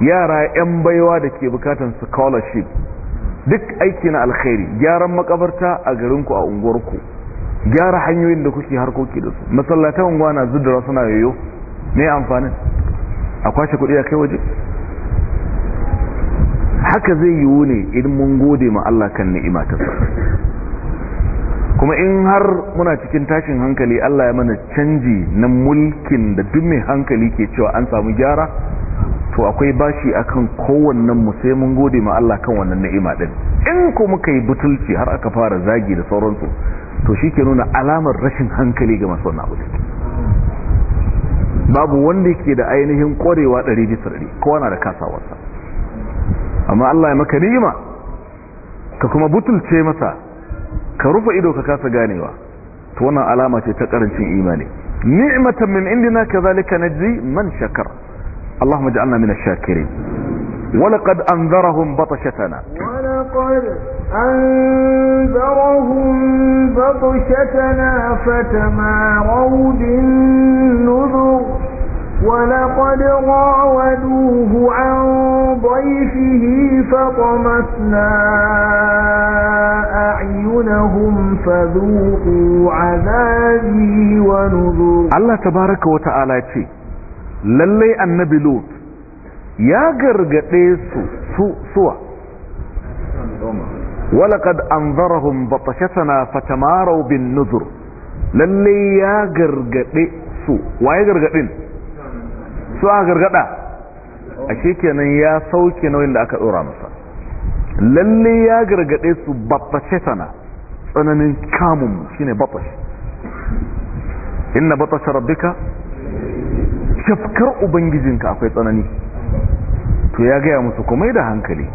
yara 'yan baiwa da ke bukatan scholarship duk aiki na alkhairi gyaran makabarta a garinku a unguwarku gyara hanyoyin da kuke harkoki da su masallatan unguwa na zudura suna yoyo ne amfanin a kwashe kuɗi a kai waje haka zai yi ne idan mun gode ma Allah kan ni'ima ta sa kuma in har muna cikin tashin hankali Allah ya mana canji na mulkin da duk mai hankali ke cewa an samu gyara to akwai bashi akan kowannen mu sai mun gode ma Allah kan wannan ni'ima din in ko muka yi butulci har aka fara zagi da sauransu to shi ke nuna alamar rashin hankali ga masu wannan abu babu wanda ke da ainihin kwarewa ɗari ɗari kowa na da kasawarsa amma Allah ya maka ni'ima ka kuma butulce masa ka rufe ido ka kasa ganewa to wannan alama ce ta karancin imani ni'matan min indina kadhalika najzi man shakar Allahumma ij'alna min ash-shakirin ولقد أنذرهم بطشتنا ولقد أنذرهم بطشتنا فتماروا بالنذر ولقد راودوه عن ضيفه فطمسنا أعينهم فذوقوا عذابي ونذور الله تبارك وتعالى يتي للي النبي لوط يا قرقتي سوء سوء ولقد أنظرهم بطشتنا فتماروا بالنذر للي يا قرقتي سوء ويا قرقتين su aka gargada a kenan ya sauke nauyin da aka dora masa lalle ya gargade su batashe sana tsananin kamun shine batash inna batashe rabbika shafkar ubangijinka akwai tsanani to ya gaya musu kuma da hankali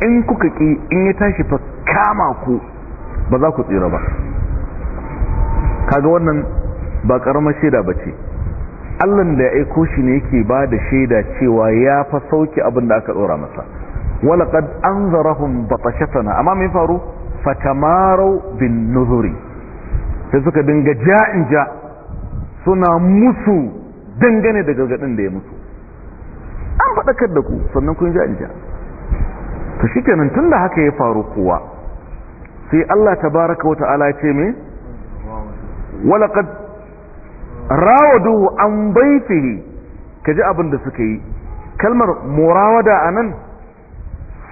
in kuka ki in ya tashi fa kama ku ba za ku tsira ba kaga wannan ba karamar shaida bace allahn da ya aiko shi ne yake ba da shaida cewa ya fa sauki abin da aka tsora masa walaqad anzarahum batashatana amma mai faru fatamarau bin nuzuri sai suka dinga ja'in ja suna musu dangane da gargadin da ya musu an faɗakar da ku sannan kun ja'in ja to shikenan tunda haka ya faru kuwa sai Allah ta baraka wata ala ce me walaqad Rawadu an baifihi kaji abin da suka yi kalmar murawada a nan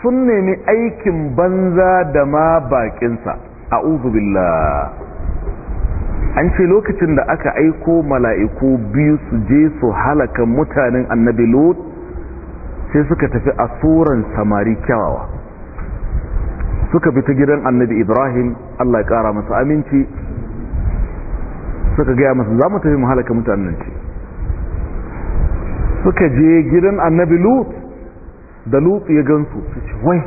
sun nemi aikin banza da ma bakinsa a billah an ce lokacin da aka aiko mala'iku biyu su je su halaka mutanen annabi lot sai suka tafi a tsoron samari kyawawa suka bi ta gidan annabi ibrahim allah ya kara masa aminci suka gaya masa za mu tafi mu halaka mutanen ce suka je gidan annabi lut da lut ya gansu su ce wai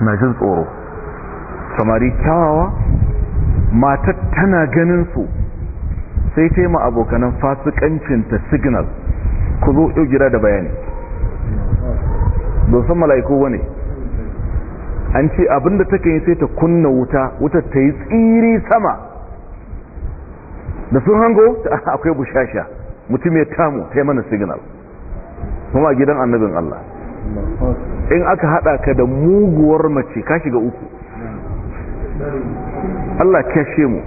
na jin tsoro samari kyawawa matar tana ganin su sai ta yi ma abokanan fasikancinta signal ku zo yau gida da bayani dosan mala'iku wane an ce abinda take yi sai ta kunna wuta wutar ta yi tsiri sama da sun hango <laughs> akwai bushasha mutum ya tamu ta mana signal kuma a gidan annabin Allah in aka hada ka da muguwar mace ka shiga uku Allah kashe mu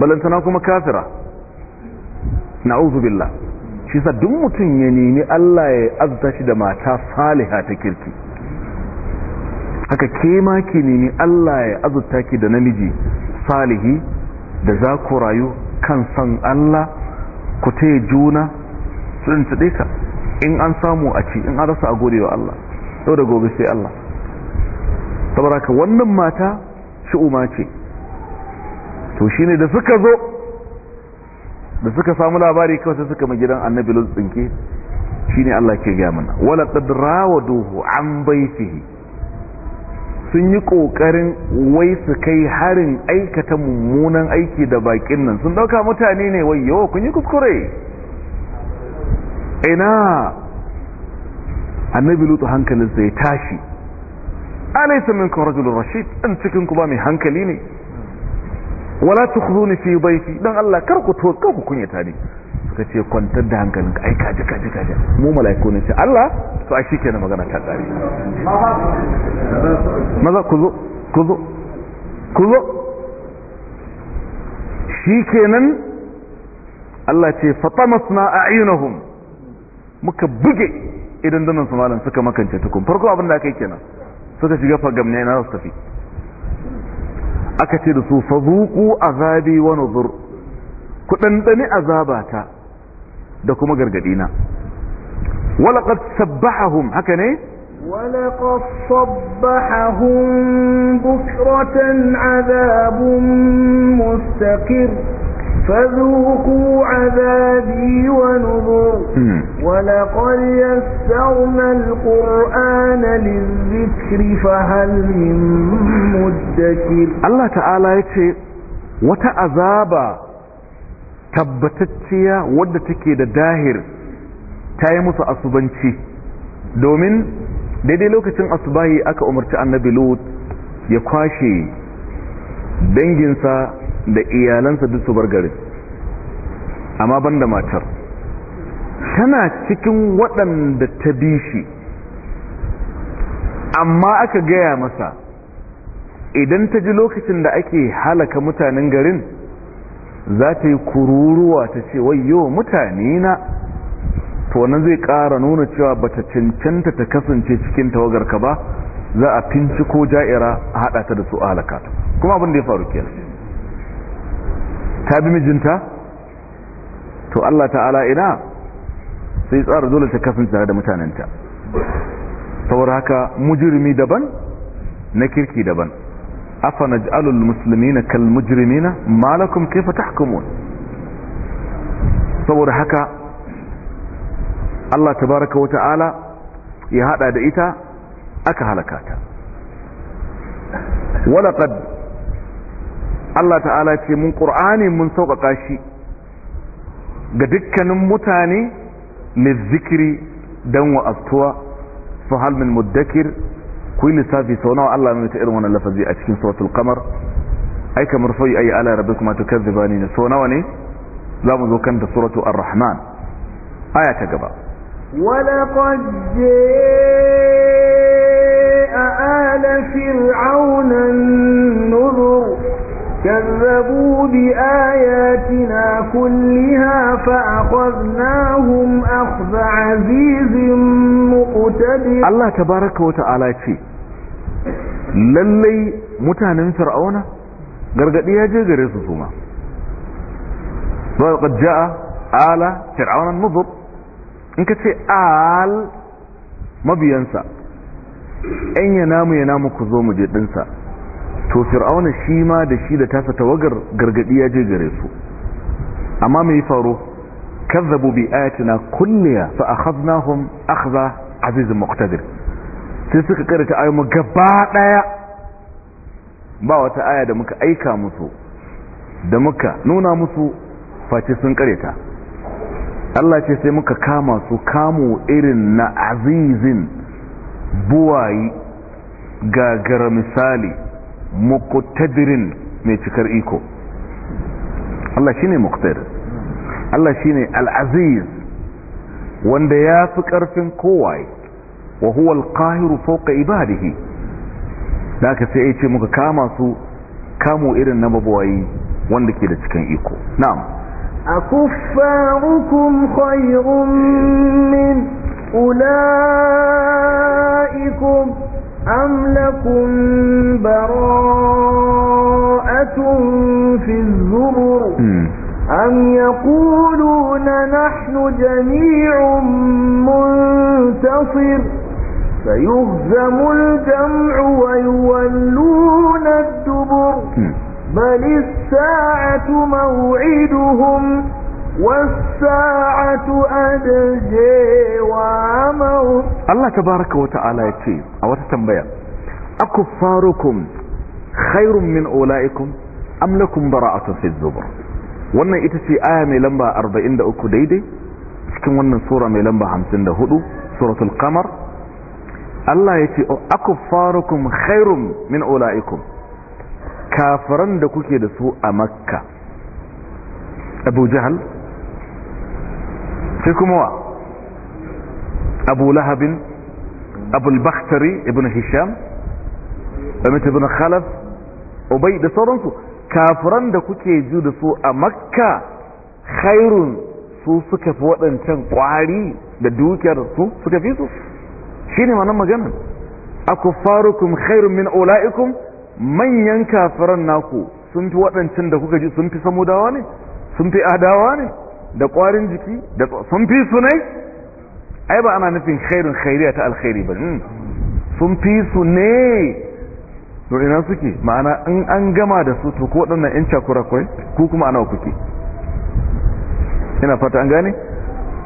balantana kuma kafira na'udhu billah shi sa duk mutum ya nemi Allah ya azza shi da mata saliha ta kirki haka ke ma ki nemi Allah ya azuta ki da namiji salihi da za ku rayu kan san Allah ku taya juna sun tsaye ka in an samu a ci in an rasa a gode wa Allah yau da gobe sai Allah saboda ka wannan mata shi'uma ce to shi ne da suka zo da suka samu labari kawai sai suka mai gidan annabi shi ne Allah ke gaya mana wala rawa duhu an baitihi sun yi ƙoƙarin wai su kai harin aikata mummunan aiki da bakin nan sun ɗauka mutane ne wai yawa kun yi kuskure ina annabi lutu hankalinsa ya tashi alaisa min rashid ɗan cikin ku ba mai hankali ne wala tukhzuni fi baiti dan Allah kar ku to kar ku kunyata ni suka ce kwantar da hankalin ai kaji kaji kaji mu mala'iku ne ce Allah to a shi kenan magana ta tsari maza ku zo ku zo ku zo shi kenan Allah ce fatamasna a'yunahum muka buge idan dunan su suka makance tukun farko abin da aka yi kenan suka shiga fagam ne na su tafi aka ce da su fazuku azabi wa nuzur ku dandani azabata da kuma gargadi na walaqad sabbahum haka ne walaqad sabbahum bukratan adabun mustaqir فذوقوا عذابي ونذر ولقد يسرنا القرآن للذكر فهل من مدكر الله تعالى يتشي وتأذابا tabbatacciya wadda take da dahir ta yi musu asubanci domin daidai lokacin asubahi aka umarci annabi lut ya kwashe danginsa da iyalansa duk su bar garin amma ban da matar tana cikin waɗanda ta bi shi amma aka gaya masa idan ta ji lokacin da ake halaka mutanen garin za ta yi kururuwa ta ce wayo mutane na to wannan zai ƙara nuna cewa bata cancanta ta kasance cikin tawagar ka ba za a finci ko ja'ira a haɗa ta da su halaka kuma abin da ya faru kenan ta bi mijinta to Allah ta'ala ina sai tsara dole ta kasance tare da mutanenta saboda haka mujirmi daban na kirki daban afana ja'alul muslimina kal mujrimina malakum kaifa tahkumun saboda haka Allah tabaraka wa ta'ala ya hada da ita aka halaka ta walaqad Allah ta'ala ce mun qur'ani mun sauƙaƙa shi ga dukkanin mutane lizikiri dan wa'aztuwa fa hal min ku lissafi sau nawa Allah mai ta irin wannan lafazi a cikin suratul qamar ai kamar fa ayi ala rabbikuma tukazzibani ne sau nawa ne zamu zo kan da suratul ar-rahman aya ta gaba ولقد جاء ala فرعون النذر كذبوا بآياتنا كلها فأخذناهم أخذ عزيز مقتدر الله تبارك وتعالى يتفي للي متعنين فرعون gargaɗi ya je gare su suma ba qad jaa ala fir'auna nuzur in ce al mabiyansa ɗan ya namu ya ku zo ɗinsa to fir'auna shi ma da shi da tasa tawagar gargadi ya je gare su amma mai faro kazzabu bi ayatina kulliya fa akhadnahum akhza aziz muqtadir sai suka karanta ayoyi gaba daya ba wata aya da muka aika musu da muka nuna musu face sun kareta Allah ce sai muka kama su kamo irin na azizin buwayi gagara misali muqtadirin mai cikar iko Allah shine muqtadir Allah shine al-aziz wanda ya fi ƙarfin kowai, wa al-qahiru ibadihi da aka sai ce muka kama su kamo irin na babuwayi wanda ke da cikin iko na'am akuffarukum khayrun min ulaikum أَمْ لَكُمْ بَرَاءَةٌ فِي الزُّبُرِ أَمْ يَقُولُونَ نَحْنُ جَمِيعٌ مُنْتَصِرٌ فَيُهْزَمُ الْجَمْعُ وَيُوَلُّونَ الدُّبُرَ بَلِ السَّاعَةُ مَوْعِدُهُمْ والساعة أدجي وعمر الله تبارك وتعالى يتي أو تتنبيا أكفاركم خير من أولئكم أم لكم براءة في zubar. wannan ita ce aya mai lamba 43 daidai cikin wannan sura mai lamba 54 suratul qamar Allah ya ce akuffarukum khairum min ulaikum kafiran da kuke da su a makka abu jahal sai kuma wa abu lahabin abulbaktari ibn hisham amit ibn khalaf ubai da sauransu kafiran da kuke ji da su a makka khairun su suka fi waɗancan ƙwari da dukiyar su suka fi su shi ne wannan maganan akufarukum khairun min ula'ikum manyan kafiran naku sun fi waɗancan da kuka ji sun fi samu dawa ne sun fi adawa ne da ƙwarin jiki da sun fi sunai ai ba ana nufin khairin khairiya ta alkhairi ba hmm. sun fi su ne to ina suke ma'ana in an gama da su to ko waɗannan 'yan cakura kwai ku kuma ana kuke ina fata an gane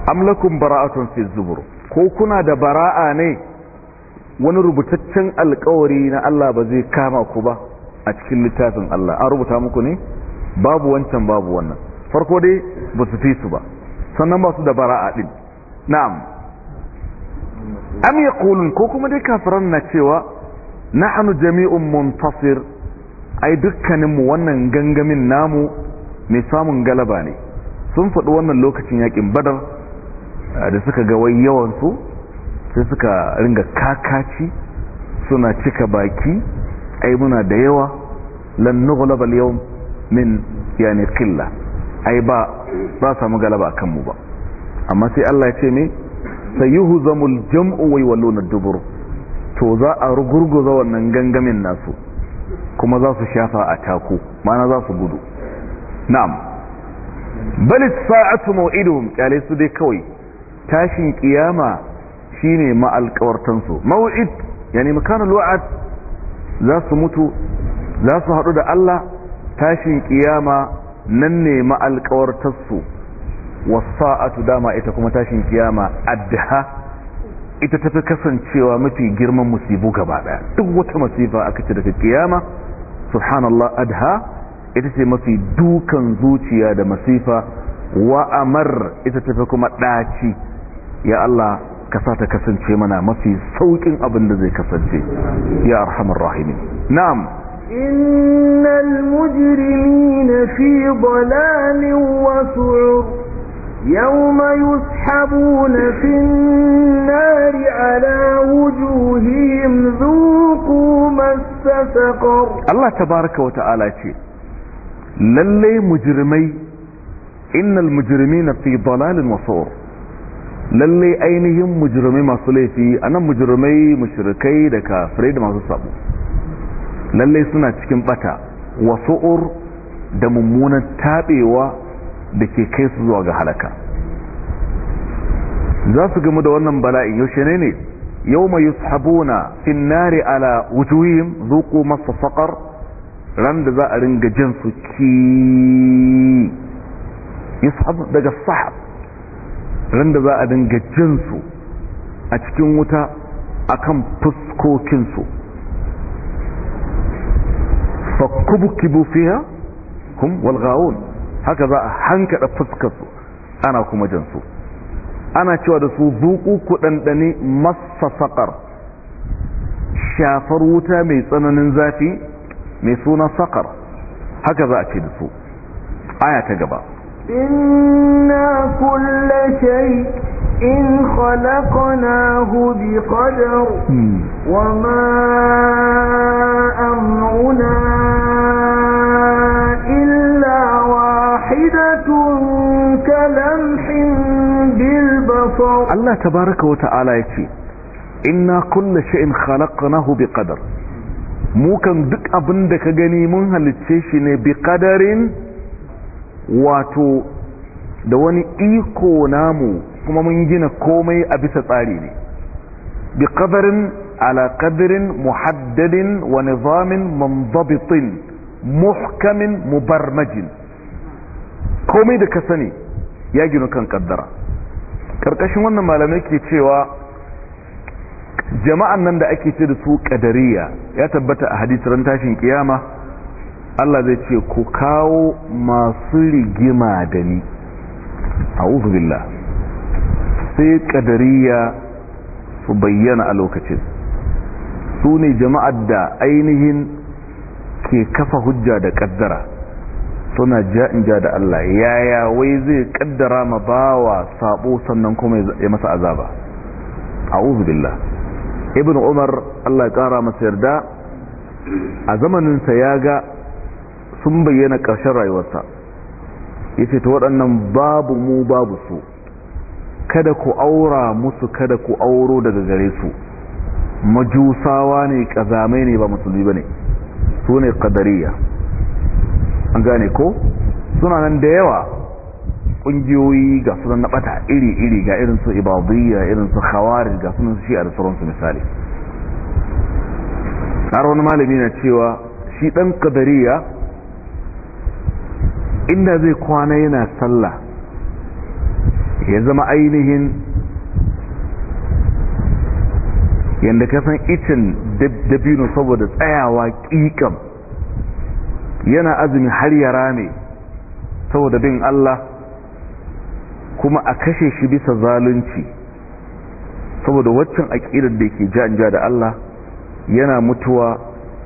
amlakum bara'atun fi zubur ko kuna da bara'a ne wani rubutaccen alkawari na Allah ba zai kama ku ba a cikin littafin Allah an rubuta muku ne babu wancan babu wannan farko dai ba su fi su ba sannan ba su da bara'a ɗin na'am am kulun ko kuma dai kafiran na cewa na hannu jami'un muntasir ai dukkaninmu wannan gangamin namu mai samun galaba ne sun faɗi wannan lokacin yaƙin badar da suka ga wai yawan sai suka ringa kakaci suna cika baki ai muna da yawa lan nughlab al min yani killa. ai ba ba samu galaba a mu ba amma sai Allah ya ce me zamul jam'u wa na dubur to za a rugurguza wannan gangamin nasu kuma za su shafa a taku mana za su gudu na'am bal sa'atu maw'iduhum kyale su dai kawai tashin kiyama shine ma'alƙawartan su yani makanul wa'ad za su mutu za su haɗu da Allah tashin kiyama nan ne ma'alƙawartarsu wasa'atu dama ita kuma tashin kiyama addaha ita tafi kasancewa mafi girman musibu gaba daya duk wata masifa aka ce daga kiyama subhanallah adha ita ce mafi dukan zuciya da masifa wa amar ita tafi kuma ɗaci ya Allah ka sa ta kasance mana mafi saukin abin da zai kasance ya arhamar rahimin na'am إن المجرمين في ضلال وسعر يوم يسحبون في النار على وجوههم ذوقوا مس سقر الله تبارك وتعالى شيء للي مجرمي إن المجرمين في ضلال وصور للي أينهم مجرمي ما صليتي أنا مجرمي مشركي da kafirai da lallai suna cikin bata wa su'ur da mummunan tabewa da ke kai su zuwa ga halaka za su gamu da wannan bala'in yaushe ne ne yau mai yushabuna fin nari ala wujuhim zuku masa saƙar ran da za a ringa jin su ki yushab daga sahab ran da za a ringa jin su a cikin wuta akan fuskokinsu fa kubukibu fiha hum wal ghaun haka za a hankada fuskar ana kuma jan su ana cewa da su zuku ku dandane massa saqar shafar wuta mai tsananin zafi mai suna saqar haka za a ke da su aya ta gaba inna kullu shay in kọlọ́kọ́nà hudi kọjọ wọ́n máa àmúna ilẹ̀ wa hidatu kalamfin bilbafọ́. Allah ta baraka wa ta'ala ya ce, ina kulle shi in kọlọ́kọ́nà hudi kadar. Mukan duk abin da ka gani mun halicce shi ne bi kadarin wato da wani iko namu. kuma mun gina komai a bisa tsari ne bi qadarin ala qadarin muhaddadin wa nizamin manzabitin muhkamin mubarmajin komai da ka sani ya ginu kan kaddara karkashin wannan malamai ke cewa jama'an nan da ake ce da su kadariya ya tabbata a hadisiran tashin kiyama Allah zai ce ku kawo masu rigima da ni a billah sai kadariya su bayyana a lokacin su ne jama'ar da ainihin ke kafa hujja da kaddara suna ja'inja da Allah yaya wai zai kaddara ma bawa sabo sannan kuma ya masa azaba a'udhu billah ibn umar Allah ya kara masa yarda a zamaninsa ya ga sun bayyana ƙarshen rayuwarsa yace ta waɗannan babu mu babu su kada ku aura musu kada ku auro daga gare su majusawa ne kazamai ne ba musulmi ba ne su ne kadariya an gane ko suna nan da yawa ƙungiyoyi ga sunan nan iri-iri ga irin su ibadiyya irin su khawarij ga sunan shi a da sauransu misali har wani malami na cewa shi ɗan kadariya inda zai kwana yana sallah ya zama ainihin yadda ka san itin dabino saboda tsayawa ƙiƙam yana azumi har ya rame saboda bin Allah kuma a kashe shi bisa zalunci saboda waccan aƙidar da ke janja da Allah yana mutuwa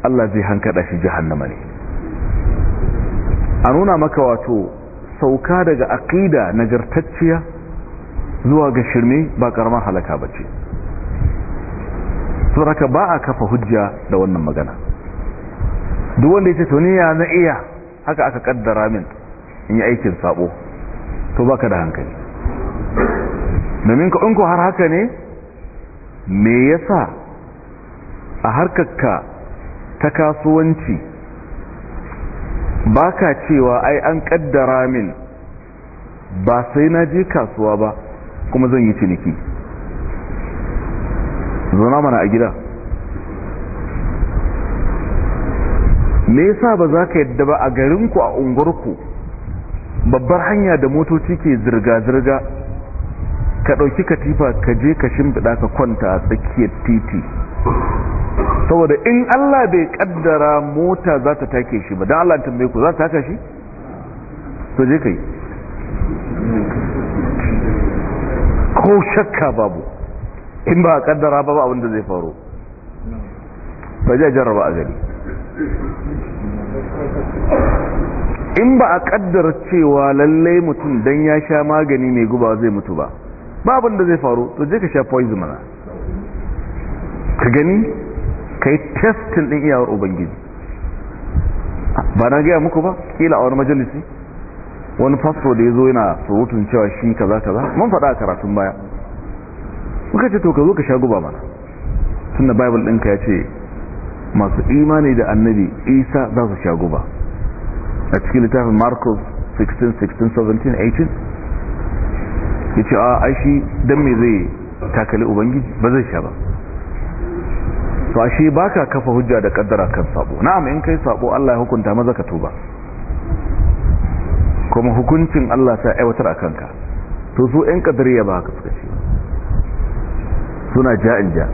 Allah zai hankada shi jahannama ne a nuna maka wato sauka daga aƙida nagartacciya zuwa ga shirme ba karamar halaka ba ce suraka ba a kafa hujja da wannan magana duk wanda ya ce to ni ya na iya haka aka kaddara min in yi aikin sabo to baka da hankali domin ka in har haka ne me yasa a harkarka ta kasuwanci baka cewa ai an kaddara min ba sai na je kasuwa ba kuma zan yi ciniki zuna mana a gida me yasa ba za ka yadda ba a garinku a unguwarku babbar hanya da motoci ke zirga-zirga ka ɗauki katifa ka je ka shimfiɗa ka kwanta a tsakiyar titi saboda in Allah bai kaddara mota za ta take shi ba don Allah mai ku za ta taka shi to je ka yi. ko shakka babu in ba a kaddara ba abin zai faru ba zai jarraba a gani in ba a kaddara cewa lallai mutum dan ya sha magani mai guba zai mutu ba babin wanda zai faru to je ka sha poison mana ka gani ka yi testin din iyawar ubangiji ba na gaya muku ba kila a wani majalisi wani fasfo da ya zo yana surutun cewa shi kaza kaza mun faɗa a karatun baya muka ce to ka zo ka sha guba mana tun da bible ɗinka ya ce masu imani da annabi isa za su sha guba a cikin littafin marcus 16 16 17 18 ya ce a aishi don me zai takali ubangiji ba zai sha ba to ashe baka kafa hujja da kaddara kan sabo na'am in kai sabo Allah ya hukunta maza ka tuba kuma hukuncin Allah ta aiwatar a kanka to su ‘yan ƙadariya ba haka suka ce suna ja'in ja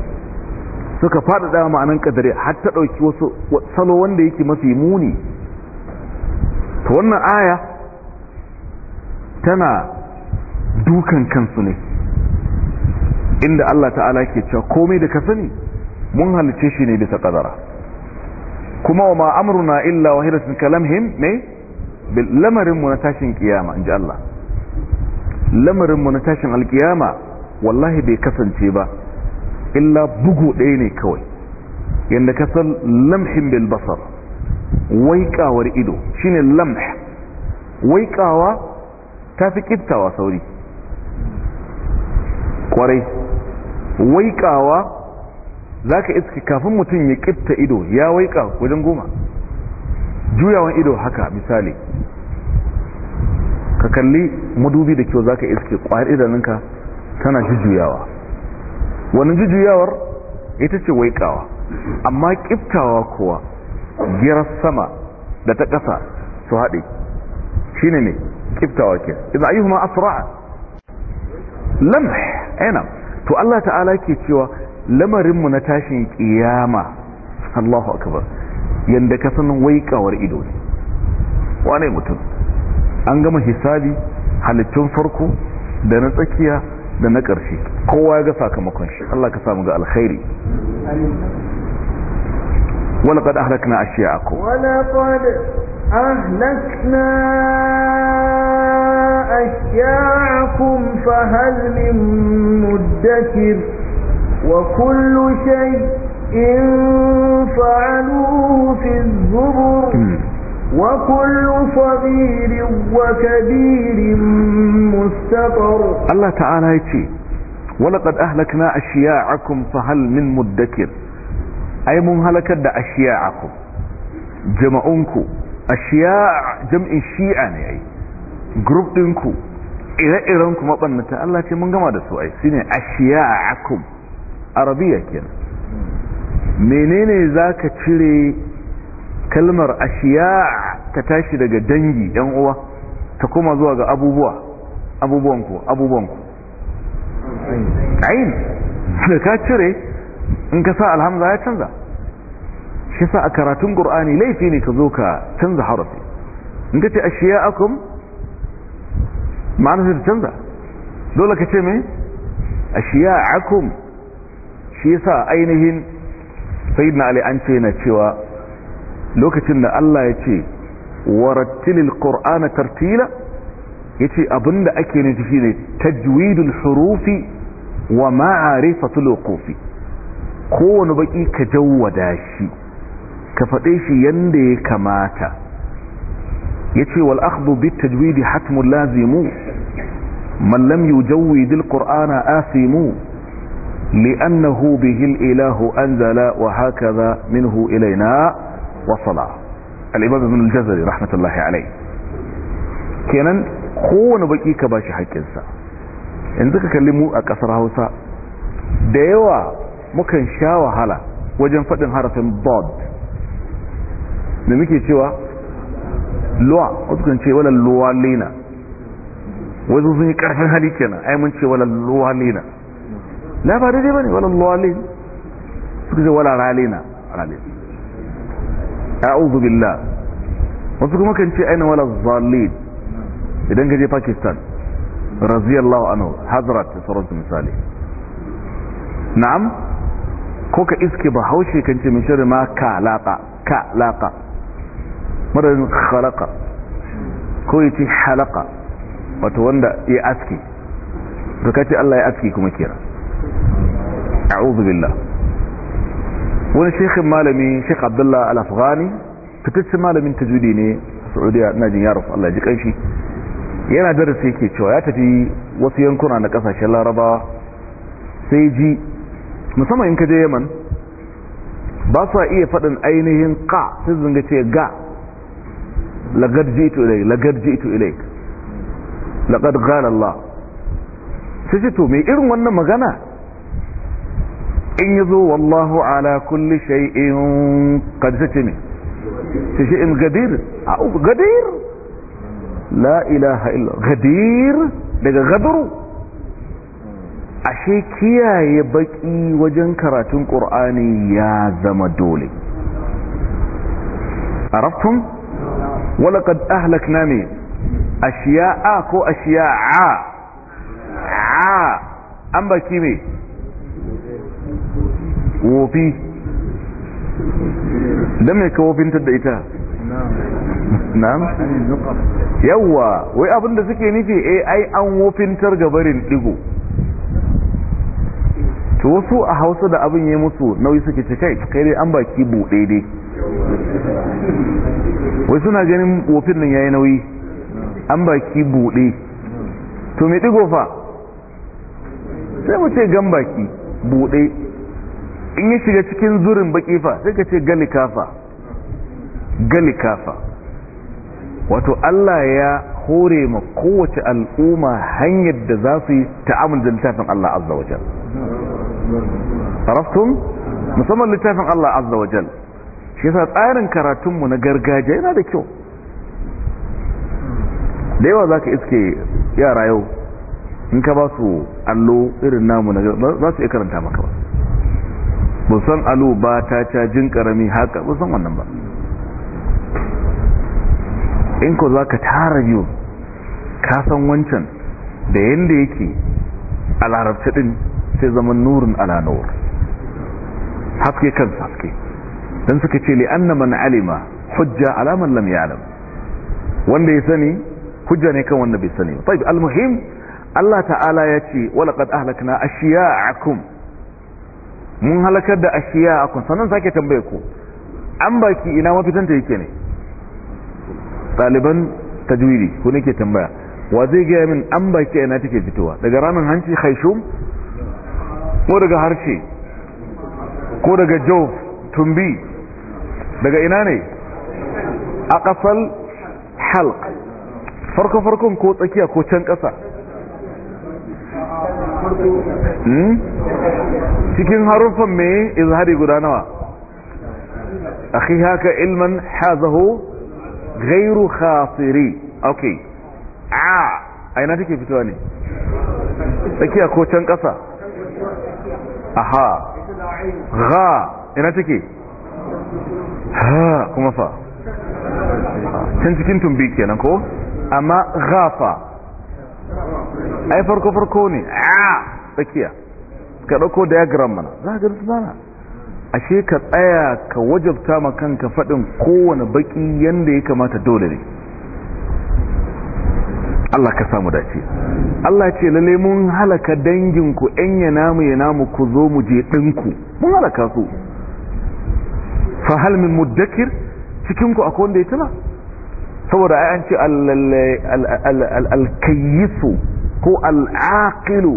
suka faɗaɗa ma'anan ƙadariya har ta ɗauki wasu salo wanda yake mafi muni ta wannan aya tana dukan kansu ne inda Allah ta'ala ke cewa komai da ka sani mun halice shi ne bisa ƙadara kuma wa ma'amuruna illa wahidasun him ne lamarinmu na tashin kiyama in ji Allah lamarinmu na tashin alkiyama wallahi bai kasance ba illa bugu ɗaya ne kawai yadda kasar lamhin bilbasar basar waikawar ido shine lamh waikawa ta fi ƙiftawa sauri kwarai waikawa za ka iske kafin mutum ya ƙifta ido ya waika wajen goma juyawan ido haka misali ka kalli madubi da kyau zaka iske kwayar idanunka tana wani Wani jujuyawar ita ce waikawa amma kiftawa kuwa girar sama da ta ƙasa su haɗe shine ne kiftawa ke idan ayyuhuma asra'a lamh aina to Allah ta'ala ke cewa lamarin mu na tashin kiyama Allahu akbar yadda ka sanin waikawar ido ne wane mutum an gama hisabi halittun farko da na tsakiya da na ƙarshe kowa ya ga sakamakon shi Allah ka samu ga alkhairi wala qad ahlakna na wala ahlak ahlakna ashya'akum fa hal min muddakir wa kullu shay' إن فعلوه في الزبر وكل صغير وكبير مستقر الله تعالى يتي ولقد أهلكنا أشياعكم فهل من مدكر a من a أشياعكم jama'unku a jam'in shi'a ne ai group ɗinku ire-irenku maɓannata Allah ce mun gama da su ai shine ne a shiya'akum arabiya kenan menene za ka cire kalmar ashiya ta tashi daga dangi yan uwa ta kuma zuwa ga abubuwa abubuwanku abubuwanku ayin da ka cire in ka sa alhamza ya canza shi sa a karatun ƙur'ani laifi ne ka zo ka canza harafi in ka ce ashiya akum ma'ana ta canza dole ka ce mai ashiya akum shi sa ainihin sai ali an ce na cewa lokacin da Allah ya ce warattilil qur'ana tartila yace abinda ake nufi shine tajwidul hurufi wa ma'arifatul wuqufi kowane baki ka jawwada shi ka faɗe shi yanda ya kamata yace wal akhdhu bit tajwidi hatmun lazimu man lam yujawwid qur'ana asimu لأنه به الإله أنزل وهكذا منه إلينا وصل الإمام ابن الجزري رحمة الله عليه كينان خون بكي كباشي حي كنسا عندك كلمو أكسر هوسا ديوا مكن شاوة هلا وجن فتن هارف ضاد نميكي تيوا لوا أتكن شيء ولا لوالينا وزوزني كرفن هالي كينا أي من شيء ولا لوالينا la ba daidai bane wala lalin suka ce wala ralina ralina a'udhu billah wasu kuma kan ce aina wala zalin idan ka pakistan raziyallahu anhu hazrat da sauransu misali na'am ko ka iske ba haushe kan ce mai shirin ma ka laƙa ka laƙa madadin halaka ko yi ce halaka wato wanda ya aski to ka ce Allah ya aski kuma kira a'udhu billah wani shekhin malami shekh abdullah al-afghani fitaccen malamin tajudi ne a saudiya na jin yaro Allah ji kanshi yana darasi yake cewa ya tafi wasu yankuna na kasashen laraba sai ji musamman in ka je yaman ba sa iya faɗin ainihin ka sai zunga ce ga lagad jitu ilai lagad jitu ilai lagad gala Allah sai ce to me irin wannan magana حيض والله على كل شيء قد ستمي شيء قدير أو قدير لا إله إلا الله قدير لقى غدر أشي كيا يبكي وجنكرة قرآني يا زمدولي عرفتم ولقد أهلك نامي أشياء أكو أشياء عا عا أم بكيمي wofi don mai ka wofintar da ita na'am yawwa wai abinda suke nufi eh, ai an wofintar gabarin digo to wasu a hausa da abin ya mutu nauyi suke ce kai kai dai an baki buɗe dai wai suna ganin wofin nan ya yi nauyi an baki buɗe to me digo fa sai mu ce gan baki buɗe in ya shiga cikin zurin baki fa sai ka ce kafa, gani kafa wato Allah ya hore ma kowace al'umma hanyar da za su yi ta'amul da littafin Allah azza wa jal araftum musamman littafin Allah azza wa jal shi yasa tsarin karatunmu na gargajiya yana da kyau da yawa za ka iske yara yau in ka ba su allo irin namu na za su iya karanta maka ba musan alu ba ta cajin karami haka musan wannan ba in ko za ka tara biyu ka san wancan da yadda yake a larabci din sai zama nurin ala nur haske kan haske don suka ce li anna man alima hujja ala man lam ya'lam wanda ya sani hujja ne kan wanda bai sani ba tayyib almuhim Allah ta'ala ya ce walaqad ahlakna ashiya'akum mun halakar da ashiya a kun sannan sake tambaye ku an baki ina mafitanta yake ne ɗaliban tajwidi ku nake tambaya wa zai gaya min an baki ina take fitowa daga ramin hanci haishum ko daga harshe ko daga jau tumbi daga ina ne a ƙasar halk farko-farkon ko tsakiya ko can ƙasa Hmm? cikin harufan mai izhari guda nawa kai haka ilman hazahu gairu khasiri ok a aina take fitowa ne tsakiya ko can kasa aha gha ina take ha kuma fa can cikin tumbi kenan ko amma ghafa ai farko farko ne a ah! tsakiya ka dauko diagram mana za ka ga mana ashe ka tsaya ka wajabta kanka faɗin kowane baki yanda ya kamata dole ne Allah ka samu dace Allah ce lalle mun halaka danginku ɗan ya namu ya namu ku zo mu je ɗinku mun halaka su fa hal min muddakir cikinku akwai wanda ya tuna saboda ai an ce alkayisu ko al'aqilu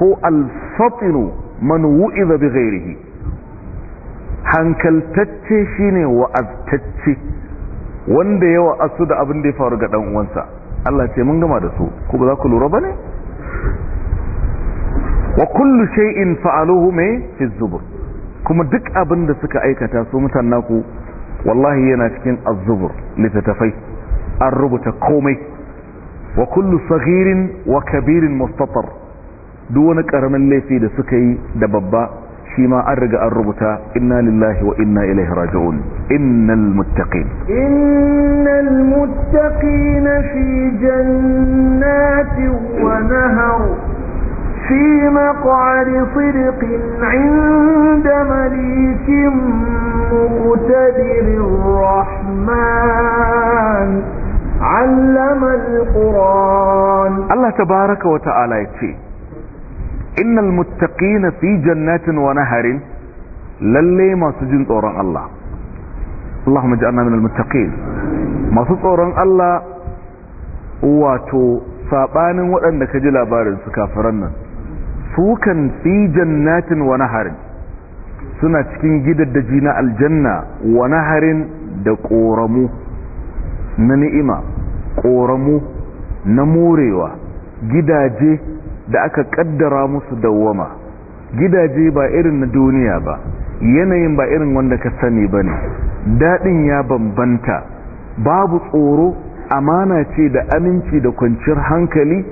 ko alfatinu man wu'iza bi ghairihi hankaltacce shine wa'aztacce wanda yawa asu da abin da ya faru ga dan uwansa Allah ce mun gama da su ko ba za ku lura bane wa kullu shay'in fa'aluhu mai fi zubur kuma duk abin da suka aikata su mutan naku wallahi yana cikin az-zubur litatafai an rubuta komai wa kullu saghirin wa kabirin mustatar duk wani karamin laifi da suka yi da babba shi ma an riga an rubuta inna lillahi wa inna ilaihi raji'un innal muttaqin innal muttaqin fi jannatin wa nahar في مقعد صدق عند مليك مقتدر الرحمن علم القرآن الله تبارك وتعالى يتي إن المتقين في جنات ونهر للي ما سجن Allah, الله اللهم اجعلنا من المتقين masu tsoron Allah, wato saɓanin waɗanda ka ji labarin su kafiran nan sukan fi jannatin wa naharin suna cikin gidaddaji na aljanna wa naharin da ƙoramu na ni'ima ƙoramu na morewa gidaje da aka ƙaddara musu dawwama gidaje ba irin na duniya ba yanayin ba irin wanda ka sani ba ne daɗin ya bambanta babu tsoro amana ce da aminci da kwanciyar hankali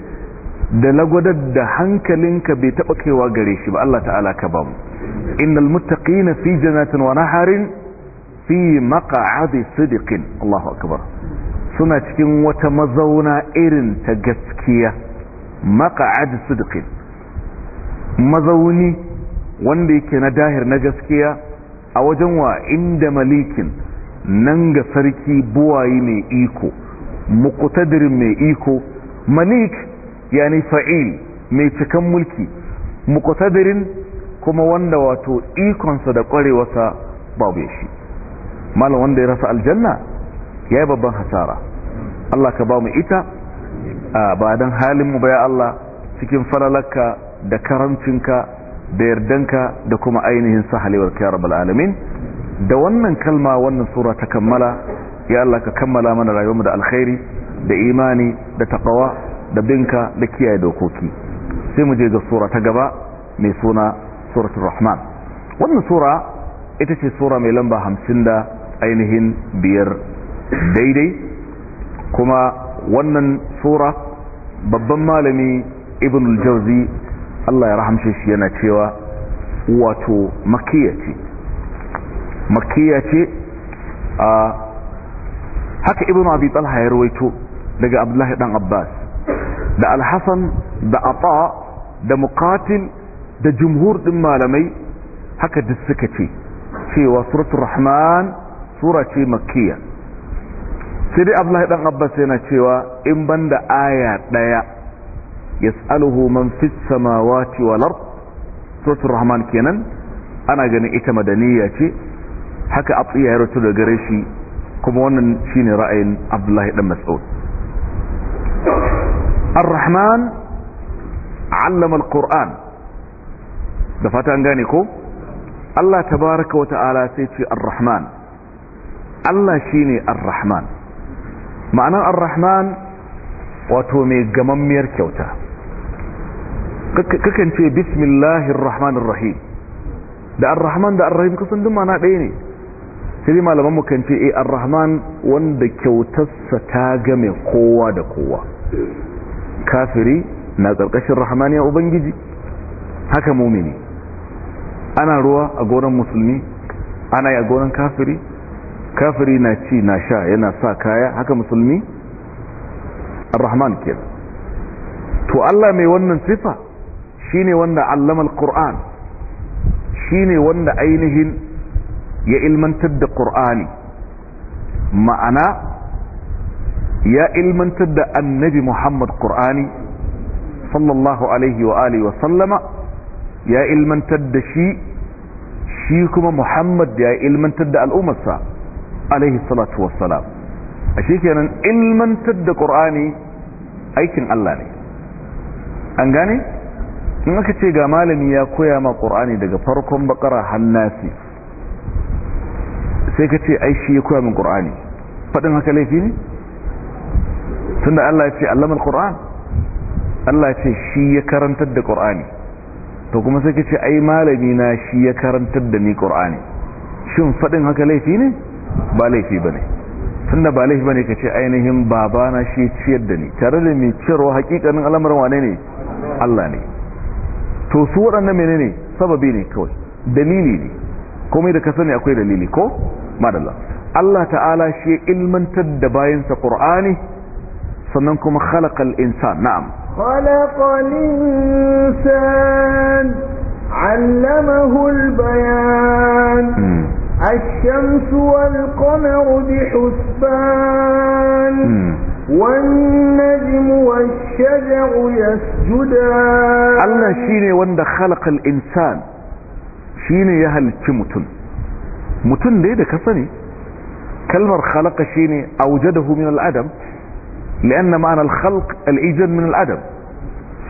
da lagwadar da hankalinka bai taɓa kaiwa gare shi ba Allah ta'ala ka ba mu innal muttaqina fi jannatin wa naharin fi maq'adi sidqin Allahu akbar suna cikin wata mazauna irin ta gaskiya maka'ad sidqin mazauni wanda yake na dahir na gaskiya a wajen wa inda malikin nan ga sarki buwayi mai iko muqtadirin mai iko malik yani fa'il mai cikan mulki muqtadirin kuma wanda wato ikonsa da kwarewarsa babu shi malam wanda ya rasa aljanna ya yi babban hasara Allah ka ba mu ita ba don halinmu ba ya Allah cikin falalarka da karancinka da yardanka da kuma ainihin sahalewar ka bal'alamin. da wannan kalma wannan sura ta kammala ya Allah ka kammala mana rayuwarmu da alkhairi da imani da ƙawa da binka da kiyaye dokoki sai mu je ga sura ta gaba mai suna tsuratun rahman wannan sura ita ce sura mai lamba hamsin da ainihin biyar daidai kuma wannan sura babban malami ibn al-jawzi Allah ya rahamshe shi yana cewa wato makiyya ce makiyya ce a haka ibn abi talha ya rawaito daga abdullahi dan abbas da al-hasan da ata da muqatil da jumhur din malamai haka duk suka ce cewa suratul rahman sura ce makiyya sai dai abdullahi dan abbas yana cewa in banda aya daya yas'aluhu man fis samawati wal ard suratul rahman kenan ana ganin ita madaniya ce haka atsiya ya rutu da gare shi kuma wannan shine ra'ayin abdullahi dan mas'ud ar-rahman allama al-qur'an da fata an gane ko Allah tabaraka wa ta'ala sai ce ar-rahman Allah shine ar-rahman ma'anar ar-rahman wato mai gamammiyar kyauta kakan ce bismillahir rahmanir rahim da ar-rahman da ar-rahim kusan duk ma'ana ɗaya ne sai malaman mu kan ce eh ar-rahman wanda kyautarsa ta game kowa da kowa kafiri na karkashin ya ubangiji haka mumini ana ruwa a gonan musulmi ana yi a gonan kafiri kafiri na ci na sha yana sa kaya haka musulmi ar-rahman kenan to Allah mai wannan sifa shine wanda allama al-qur'an shine wanda ainihin ya ilmantar da qur'ani ma'ana ya ilmantar da annabi Muhammad qur'ani sallallahu alaihi wa alihi wa sallama ya ilmantar da shi shi kuma Muhammad ya ilmantar da al'ummarsa alaihi salatu wassalam a kenan ilmantar da ƙur'ani aikin Allah ne an gane in aka ce ga malami ya koya ma ƙur'ani daga farkon bakara hannasi sai ka ce ai shi ya koya min ƙur'ani faɗin haka laifi ne tunda Allah ya ce allamar ƙur'an Allah ya ce shi ya karantar da ƙur'ani to kuma sai ka ce ai malami na shi ya karantar da ni ƙur'ani shin faɗin haka laifi ne ba laifi ba ne tunda ba laifi ba ne ka ce ainihin babana shi ciyar da ni tare da mai ciyarwa hakikanin al'amuran wane ne Allah ne to su waɗannan mene ne sababi ne kawai dalili ne komai da ka sani akwai dalili ko madalla Allah ta'ala shi ilmantar da bayansa qur'ani sannan kuma khalaqal insan na'am khalaqal insan allamahu al bayan hmm. الشمس والقمر بحسبان والنجم والشجر يسجدان الله شيني وند خلق الإنسان شيني يهل كمتن متن دي ده كسني كلمة خلق شيني أوجده من العدم لأن معنى الخلق الإيجاد من العدم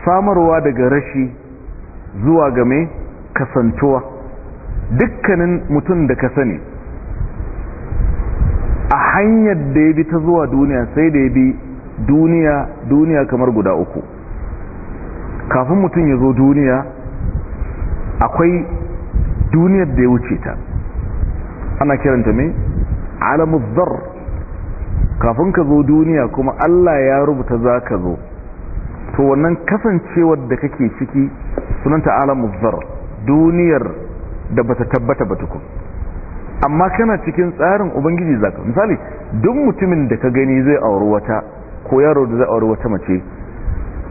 samarwa daga rashi zuwa game kasantuwa dukkanin mutum da ka sani a hanyar da ya bi ta zuwa duniya sai da ya bi duniya duniya kamar guda uku kafin mutum ya zo duniya akwai duniyar da ya wuce ta ana kiranta mai zar kafin ka zo duniya kuma allah ya rubuta za ka zo to wannan kasancewar da kake ciki sunanta zar duniyar da bata tabbata ba tukun amma kana cikin tsarin ubangiji zaka misali duk mutumin da ka gani zai auri wata ko yaro da zai auri wata mace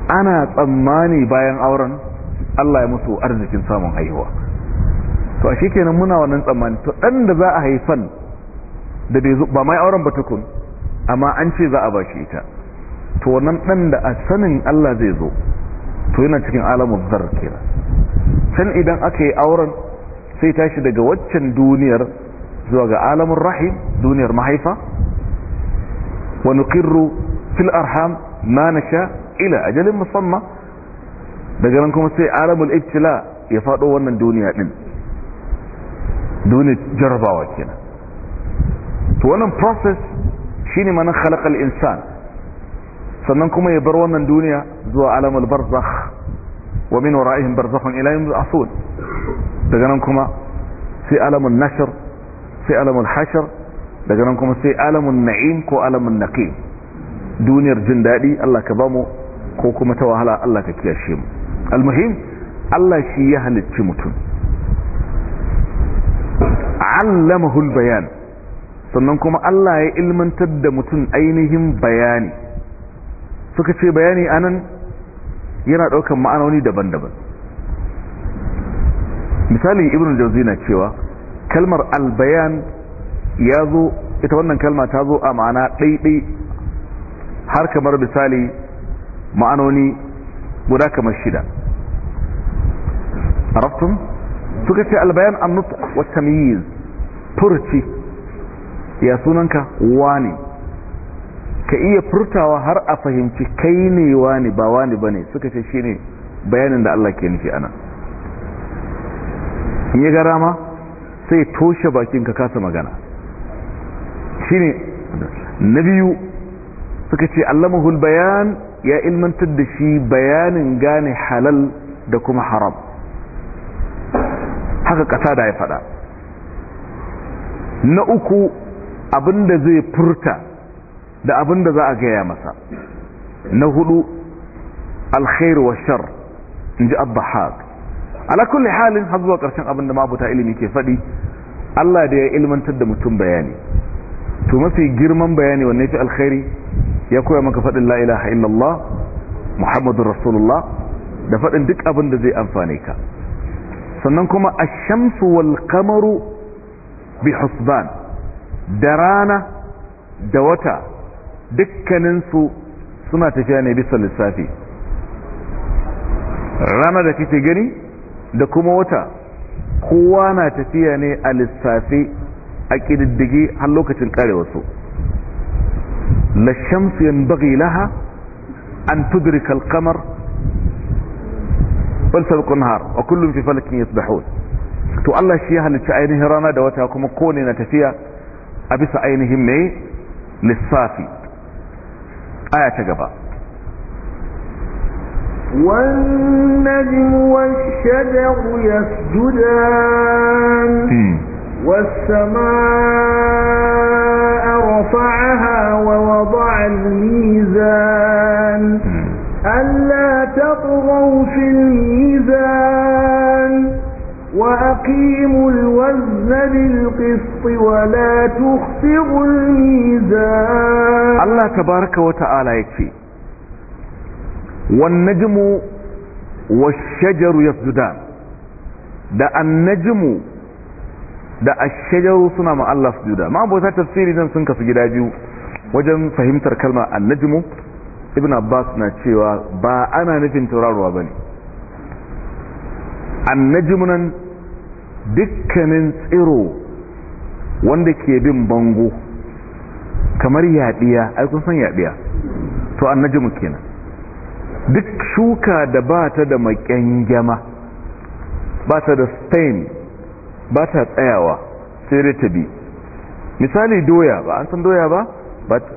ana tsammani bayan auren Allah ya musu arzikin samun haihuwa to a kenan muna wannan tsammani to dan da za a haifan da bai ba mai auren ba tukun amma an ce za a ba shi ita to wannan dan da a sanin Allah zai zo to yana cikin alamu zar kenan can idan aka yi auren sai tashi daga waccan duniyar zuwa ga alamun rahim duniyar mahaifa wa nuqirru fil arham ma nasha ila ajalin musamma daga nan kuma sai alamul ibtila ya fado wannan duniya din duniyar jarabawa kenan to wannan process shine manan khalaqal insan sannan kuma ya bar wannan duniya zuwa alamul barzakh wa min wara'ihim barzakhun ila yawm yub'athun daga nan kuma sai alamun nashar sai alamun hashar daga nan kuma sai alamun na'im ko alamun naqim duniyar jin daɗi Allah ka bamu ko kuma ta wahala Allah ka kiyashe mu almuhim Allah shi ya halicci mutum allamahul bayan sannan kuma Allah ya ilmantar da mutum ainihin bayani suka ce bayani anan yana ɗaukan ma'anoni daban-daban misali ibn jauzi na cewa kalmar albayan ya zo ita wannan kalma ta zo a ma'ana ɗaiɗai har kamar misali ma'anoni guda kamar shida arabtun suka ce albayan annut wa tamyiz furci ya sunanka wani ka iya furtawa har a fahimci kai ne wani ba wani ne suka ce ne bayanin da Allah ke nufi anan in ya gara ma sai toshe bakin ka kasa magana shine na biyu suka ce allamahul bayan ya ilmantar da shi bayanin gane halal da kuma haram haka kasa da ya fada na uku abinda zai furta da abinda za a gaya masa na hudu alkhairu washar shar in ji abba ala kulli halin har zuwa karshen abin da mabuta ilimi ke faɗi Allah da ya ilmantar da mutum bayani to mafi girman bayani wanne fi alkhairi ya koya maka faɗin la ilaha illallah muhammadur rasulullah da faɗin duk abin da zai amfane ka sannan kuma ash-shamsu wal qamaru bi husban da rana da wata dukkaninsu suna tafiya ne bisa lissafi rana da kake gani da kuma wata kowa na tafiya ne a lissafi a ƙididdige har lokacin ƙarewarsu la shamsu yan bagi laha an tudrika alkamar bal sabqun har wa kullum fi falakin yasbahun to Allah shi ya halicci ainihin rana da wata kuma kone na tafiya a bisa ainihin mai lissafi aya ta gaba والنجم والشجر يسجدان والسماء رفعها ووضع الميزان ألا تطغوا في الميزان وأقيموا الوزن بالقسط ولا تخفضوا الميزان الله تبارك وتعالى يكفي والنجم والشجر يسجدان da annajimu da ashajaru suna ma Allah sujuda ma abota tafsiri nan sun kasu gida biyu wajen fahimtar kalmar annajimu ibn abbas na cewa ba ana nufin tauraruwa bane annajimu nan dukkanin tsiro wanda ke bin bango kamar yadiya ai kun san yadiya to annajimu kenan duk shuka da ba ta da makyangyama ba ta da stain ba ta tsayawa sai dai ta bi misali doya ba an san doya ba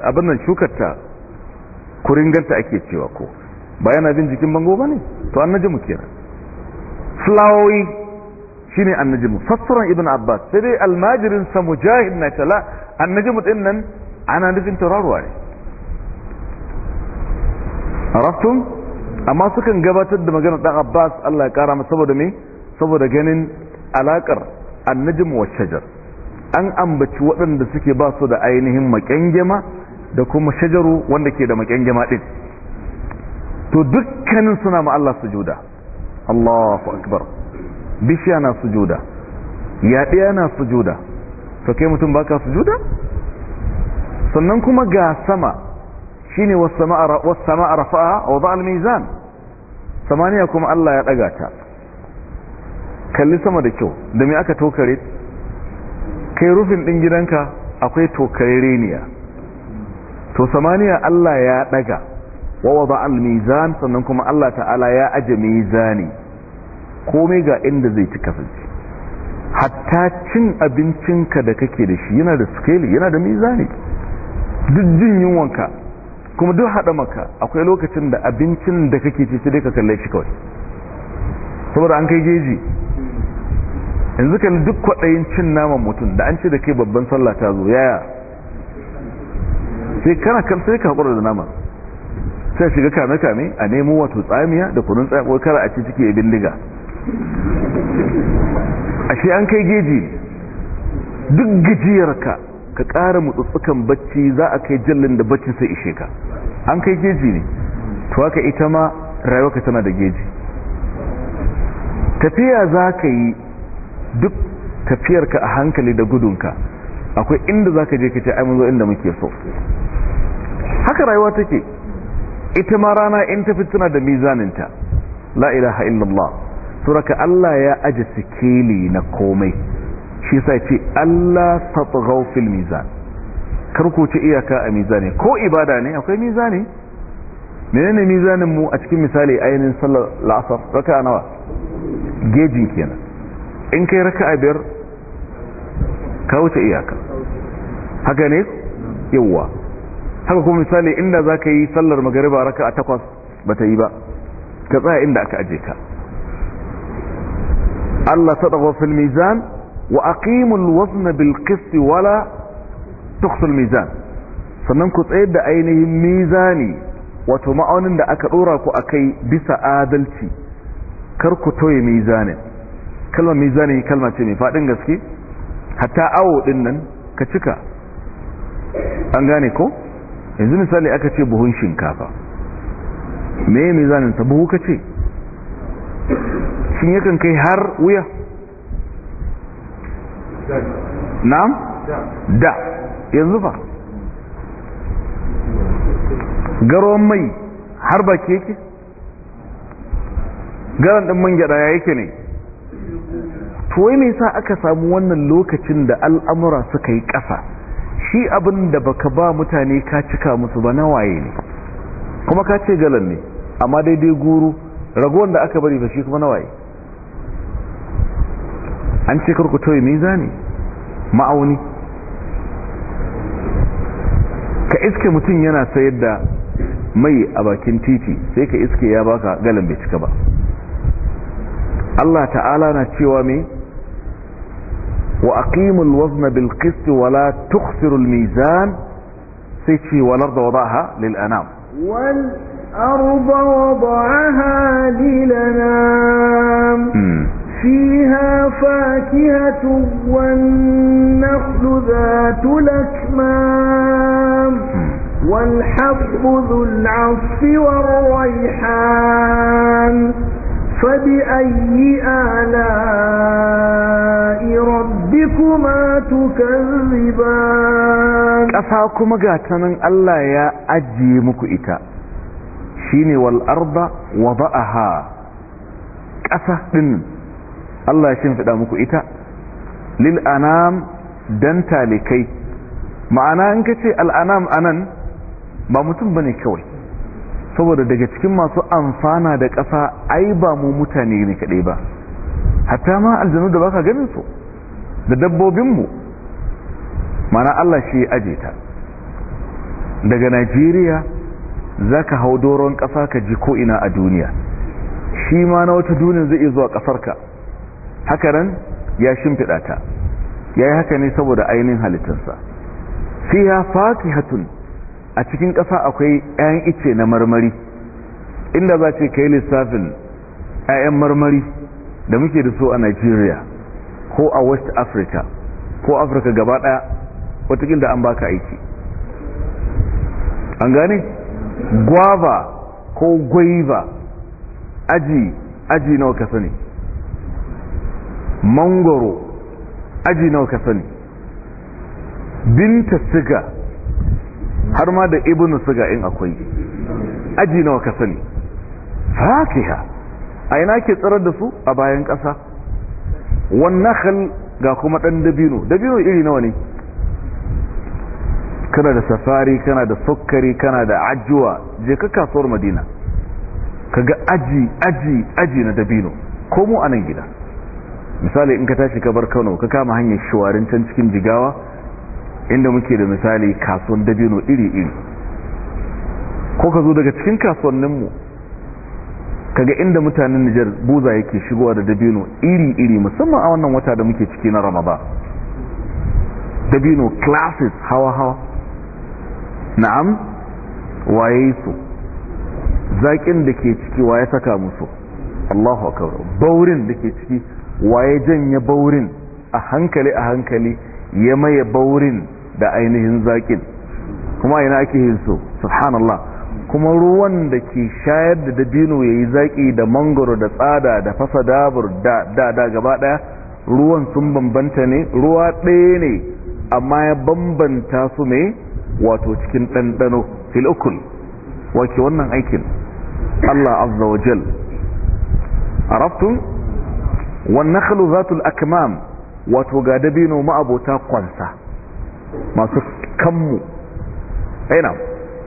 abin nan shukarta kuringanta ake cewa ko ba yana jin jikin bango ba ne to an najimu kenan fulawoyi shi ne an mu. fassuran ibn abbas sai dai almajirin almajirinsa mujahid na tala an naji ɗin nan ana nufin tauraruwa ne araftum amma sukan gabatar da maganar dan abbas allah ya kara masa saboda me saboda ganin alakar annajim wa shajar an ambaci waɗanda suke ba su da ainihin makyangyama da kuma shajaru wanda ke da makyangyama din to dukkanin suna ma allah sujuda allahu akbar bishiya na sujuda yaɗiya na sujuda to kai mutum baka sujuda sannan kuma ga sama shine was-sama'a was rafa'a wa mizan samaniya kuma Allah ya daga ta kalli sama da kyau da me aka tokare kai rufin din gidanka akwai reniya to samaniya Allah ya daga wa wada mizan sannan kuma Allah ta'ala ya aje mizani komai ga inda zai ci kafinci hatta cin abincinka da kake da shi yana da scale yana da mizani duk jin yunwanka kuma duk haɗa maka akwai lokacin da abincin da kake ci sai dai ka kalle shi kawai saboda an kai geji yanzu kalli duk kwaɗayin cin naman mutum da an ce da kai babban sallah ta zo yaya sai kana kan sai ka haƙura da naman sai shiga kame kame a nemo wato tsamiya da kunun tsamiya kara a ci ciki ya bindiga ashe an kai geji duk gajiyarka ka ƙara mutsutsukan bacci za a kai jallin da bacci sai ishe ka an kai geji ne to haka ita ma ka tana da geji tafiya za ka yi duk tafiyarka a hankali da gudunka akwai inda za ka je ka ce aimun zo inda muke so haka rayuwa take ita ma rana in tafi tana da mizaninta la ilaha illallah suraka Allah ya aje sikeli na komai shi sa ce Allah tatghaw fil mizan kar ku ci iyaka a mizani ko ibada ne akwai mizani menene mizanin mu a cikin misali ainihin sallar la'asar raka'a nawa gejin kenan in kai raka'a biyar ka wuce iyaka haka ne yawa haka kuma misali inda za ka yi sallar magariba raka a takwas ba ta yi ba ka tsaya inda aka aje ka Allah ta ɗaga fil mizan وأقيموا الوزن بالقسط ولا تخسوا الميزان sannan ku tsayar da ainihin mizani wato ma'aunin da aka ɗora ku a kai bisa adalci kar ku toye mizanin kalmar mizani kalma ce mai faɗin gaske hatta awo ɗin nan ka cika an gane ko yanzu misali aka ce buhun shinkafa me mizaninsa buhu ka ce shin yakan kai har wuya na'am da yanzu ba garwan mai har ba ke yake garan man gyada ya yake ne to wai me aka samu wannan lokacin da al'amura suka yi ƙasa shi abin da baka ba mutane ka cika musu ba nawaye ne kuma ka ce galan ne amma daidai guru ragowar da aka bari ba shi kuma waye. an ce ku tauye mizani ma'auni ka iske mutum yana sayar da mai a bakin titi sai ka iske ya baka galan bai cika ba Allah ta'ala na cewa mai wa aqimul wazna bil qist wa la tukhsirul mizan sai ce wal arda wadaha lil anam wal arda wadaha lil anam hmm. فيها فاكهة والنخل ذات الأكمام والحب ذو العصف والريحان فبأي آلاء ربكما تكذبان أفاكم kuma ألا يا Allah ya شيني والأرض وضأها shine wal Allah ya shimfiɗa muku ita lil anam dan talikai ma'ana in kace al anam anan ba mutum bane kawai saboda daga cikin masu amfana da ƙasa ai ba mu mutane ne kaɗai ba hatta ma aljanu da baka ganin su da dabbobinmu ma'ana Allah shi ya aje ta daga Najeriya za ka hau doron ƙasa ka ji ko ina a duniya shi ma na wata duniya zai iya zuwa ƙasarka Hakaran ya shimfiɗa ta ya yi haka ne saboda ainihin halittarsa fiha hatun a cikin ƙasa akwai 'ya'yan ice na marmari inda za ce kai lissafin 'ya'yan marmari da muke da so a nigeria ko a west africa ko afirka gaba ɗaya watakin da an baka aiki an gane guava ko guiva aji aji nawa ka sani mangoro aji nawa ka sani binta siga har ma da ibnu siga in akwai aji nawa ka sani fakiha a ina ke tsirar da su a bayan ƙasa wannan ga kuma ɗan dabino dabino iri nawa ne kana da safari kana da sukkari kana da ajwa je ka kasuwar madina kaga aji aji aji na dabino komo a nan gida misali in ka tashi ka bar kano ka kama hanyar shawarin can cikin jigawa inda muke da misali kasuwan dabino iri-iri ko ka zo daga cikin kasuwanninmu kaga inda mutanen nijar buza yake shigowa da dabino iri-iri musamman a wannan wata da muke ciki na ramaba dabino classes hawa-hawa na'am waye su zaƙin da ke ciki waye saka musu allahu akawar baurin da ke ciki waye janye baurin a hankali a hankali ya maye baurin da ainihin zakin kuma ina ake yin so subhanallah kuma ruwan da ke shayar da dabino yayi yi zaƙi da mangoro da tsada da fasa dabur da da gaba ɗaya ruwan sun bambanta ne ruwa ɗaya ne amma ya bambanta su ne wato cikin ɗanɗano fil'ukul wake wannan aikin allah azza wa jal wannan khalu zatul akmam wato ga dabino ma'abota kwansa masu kanmu aina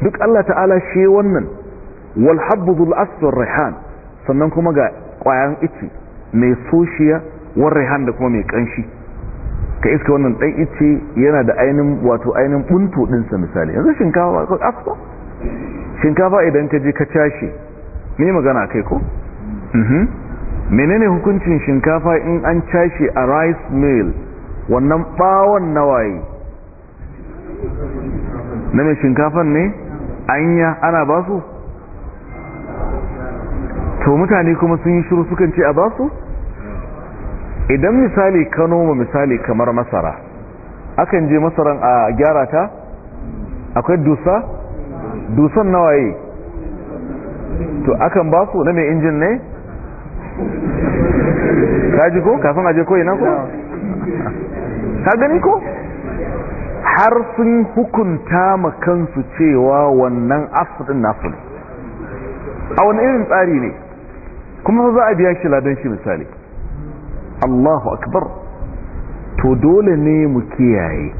duk Allah ta'ala shi wannan wal habdhul asr rihan sannan kuma ga kwayan ice mai soshiya war rihan da kuma mai kanshi ka iska wannan dan ice yana da ainin wato ainin buntu din sa misali yanzu shinkafa ko asfa shinkafa idan ka je ka cashe ni magana kai ko mhm menene hukuncin shinkafa in an cashe a rice mill wannan bawon nawaye na mai shinkafan ne anya ana ba su to mutane kuma sun yi shiru sukan ce a ba su idan misali ka noma misali kamar masara akan je masaran a gyara ta akwai dusa dusan nawaye to akan ba su na mai injin ne ka ko kafin aje ko ina ko ka gani ko har sun hukunta ma kansu cewa wannan asudin na a wani irin tsari ne kuma za a biya shi ladan shi misali Allahu akbar to dole ne mu kiyaye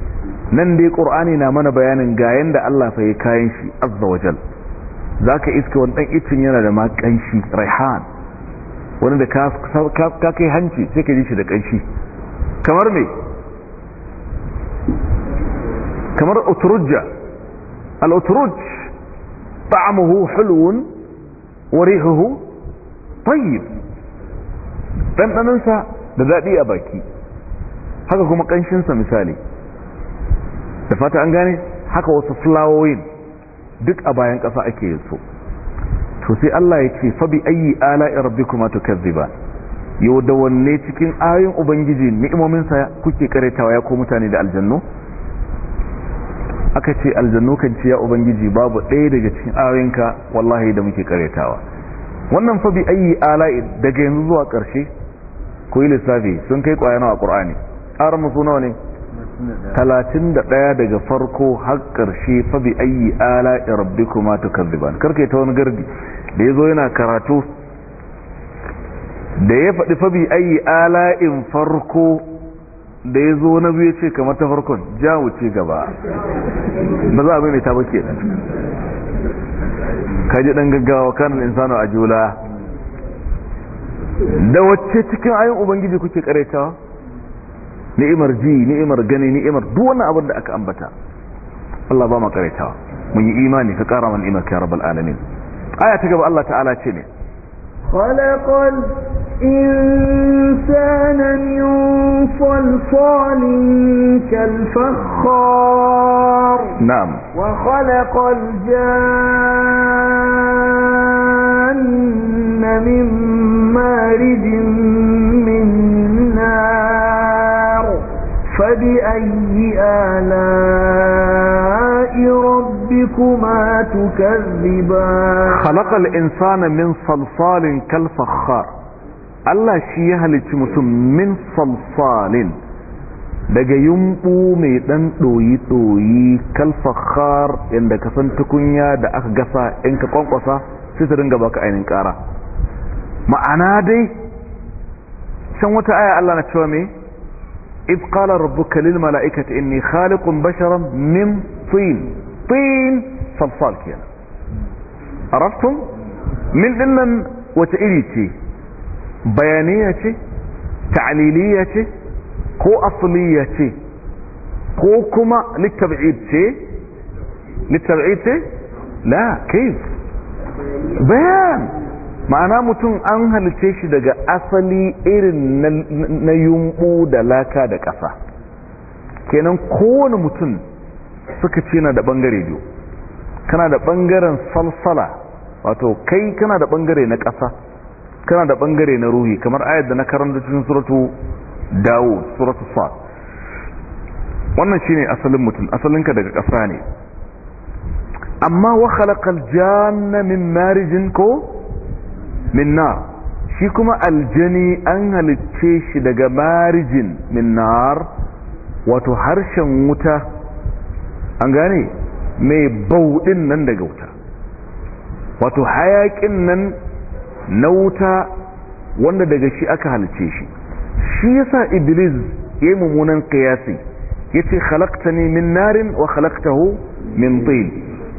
nan dai ƙur'ani na mana bayanin ga yanda Allah fa ya kayan shi azza wajal zaka iska wani ɗan itin yana da makanshi raihan wani da ka kai hanci sai ka ji shi da ƙanshi kamar me kamar uturujja al'uturuj ta'amuhu wari warihuhu tayyib ɗanɗaninsa da daɗi a baki haka kuma ƙanshinsa misali da fata an gane haka wasu fulawoyin duk a bayan ƙasa ake yin so to sai Allah ya ce fabi ayi ala rabbikuma tukazziban yau da wanne cikin ayoyin ubangiji sa kuke karetawa ya ko mutane da aljanno aka ce aljannu kan ce ya ubangiji babu ɗaya daga cikin ayoyinka wallahi da muke karetawa wannan fa bi ayi ala daga yanzu zuwa ƙarshe koyi lissafi sun kai ƙwaya nawa ƙur'ani ƙarar musu nawa ne talatin da ɗaya daga farko har karshe fa bi ayi ala rabbikuma tukazziban karkai ta wani gardi da ya zo yana karatu da ya faɗi fabi ayi ala'in farko da ya zo na biyu ce kamar ta farkon ja wuce gaba ba za a mai ta bake nan kaji ɗan gaggawa kanan insano a jula da wacce cikin ayin ubangiji kuke karaitawa ni'imar ji ni'imar gani ni'imar duk abin da aka ambata Allah ba mu karaitawa mun yi imani ka kara mana ni'imar ya rabbal alamin آية تقول الله تعالى ta'ala خلق الإنسان من صلصال كالفخار نعم وخلق الجان من مارد من نار فبأي آلاء ربكما تكذبان خلق الإنسان من صلصال كالفخار Allah shi ya halicci mutum min daga yumbu mai dan ɗoyi-ɗoyi kalfahar yadda ka san tukunya da aka gasa in ka kwankwasa sai su dinga baka ainihin ƙara ma'ana dai can wata aya Allah na cewa mai إذ قال ربك للملائكة إني خالق بشرا من طين طين صلصال كيانا عرفتم من إنن وتئليتي بيانية تعليلية كو أصلية كو كما للتبعيد للتبعيد لا كيف بيان ma'ana mutum an halice shi daga asali irin na yumbu da laka da ƙasa kenan kowane mutum suka ce na da ɓangare biyu kana da ɓangaren salsala wato kai kana da ɓangare na ƙasa kana da ɓangare na ruhi kamar ayat da na karanta cikin suratu dawo suratu sa wannan shine asalin mutum asalinka daga ƙasa ne amma wa khalaqal janna min marijin ko min nar shi kuma aljani an halicce shi daga marijin min nar wato harshen wuta an gane mai bauɗin nan daga wuta wato hayaƙin nan na wuta wanda daga shi aka halicce shi shi yasa iblis ya yi mummunan kiyasi ya ce halakta ne min narin wa halaktahu min tsaye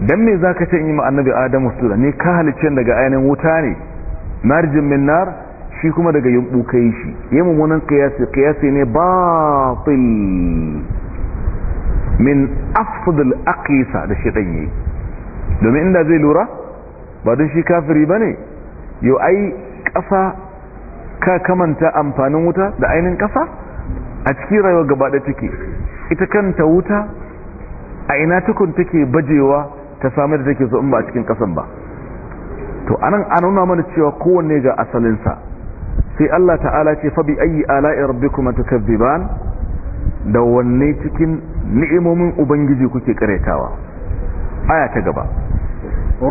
don me za ka ce in yi ma annabi adamu su ne ka halicce daga ainihin wuta ne marjin min nar shi kuma daga yumbu kai shi yayin mummunan kiyasi kiyasi ne batil min afdal aqisa da shi danye domin inda zai lura ba don shi kafiri bane yau ai ƙasa ka kamanta amfanin wuta da ainin kasa a cikin rayuwa gaba da take ita kanta wuta a ina tukun take bajewa ta samu da take so in ba a cikin kasan ba to anan an nuna mana cewa kowanne ga asalinsa sai Allah ta'ala ce fa bi ayyi ala'i rabbikuma tukazziban da wanne cikin ni'imomin ubangiji kuke karetawa? aya ta gaba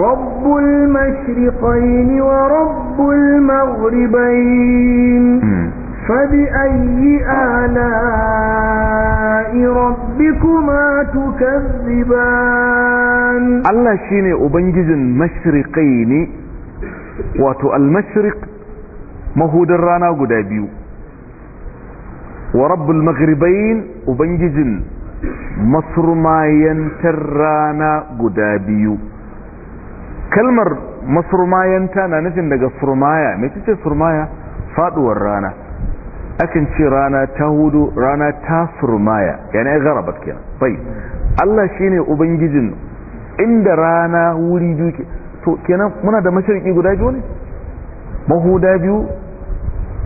rabbul mashriqayn wa rabbul maghribayn hmm. fabi ayyi ala'i rabbikuma tukazziban Allah shine ubangijin ne. wato almashriq mahudin rana guda biyu wa rabbul maghribain ubangijin masurmayantar rana guda biyu kalmar masurmayanta na nufin daga surmaya mai ce surmaya faduwar rana akan ce rana ta hudu rana ta surmaya yana ya garabat kenan bai Allah shine ubangijin inda rana wuri duke to kenan muna da mashirki guda biyu ne mahuda biyu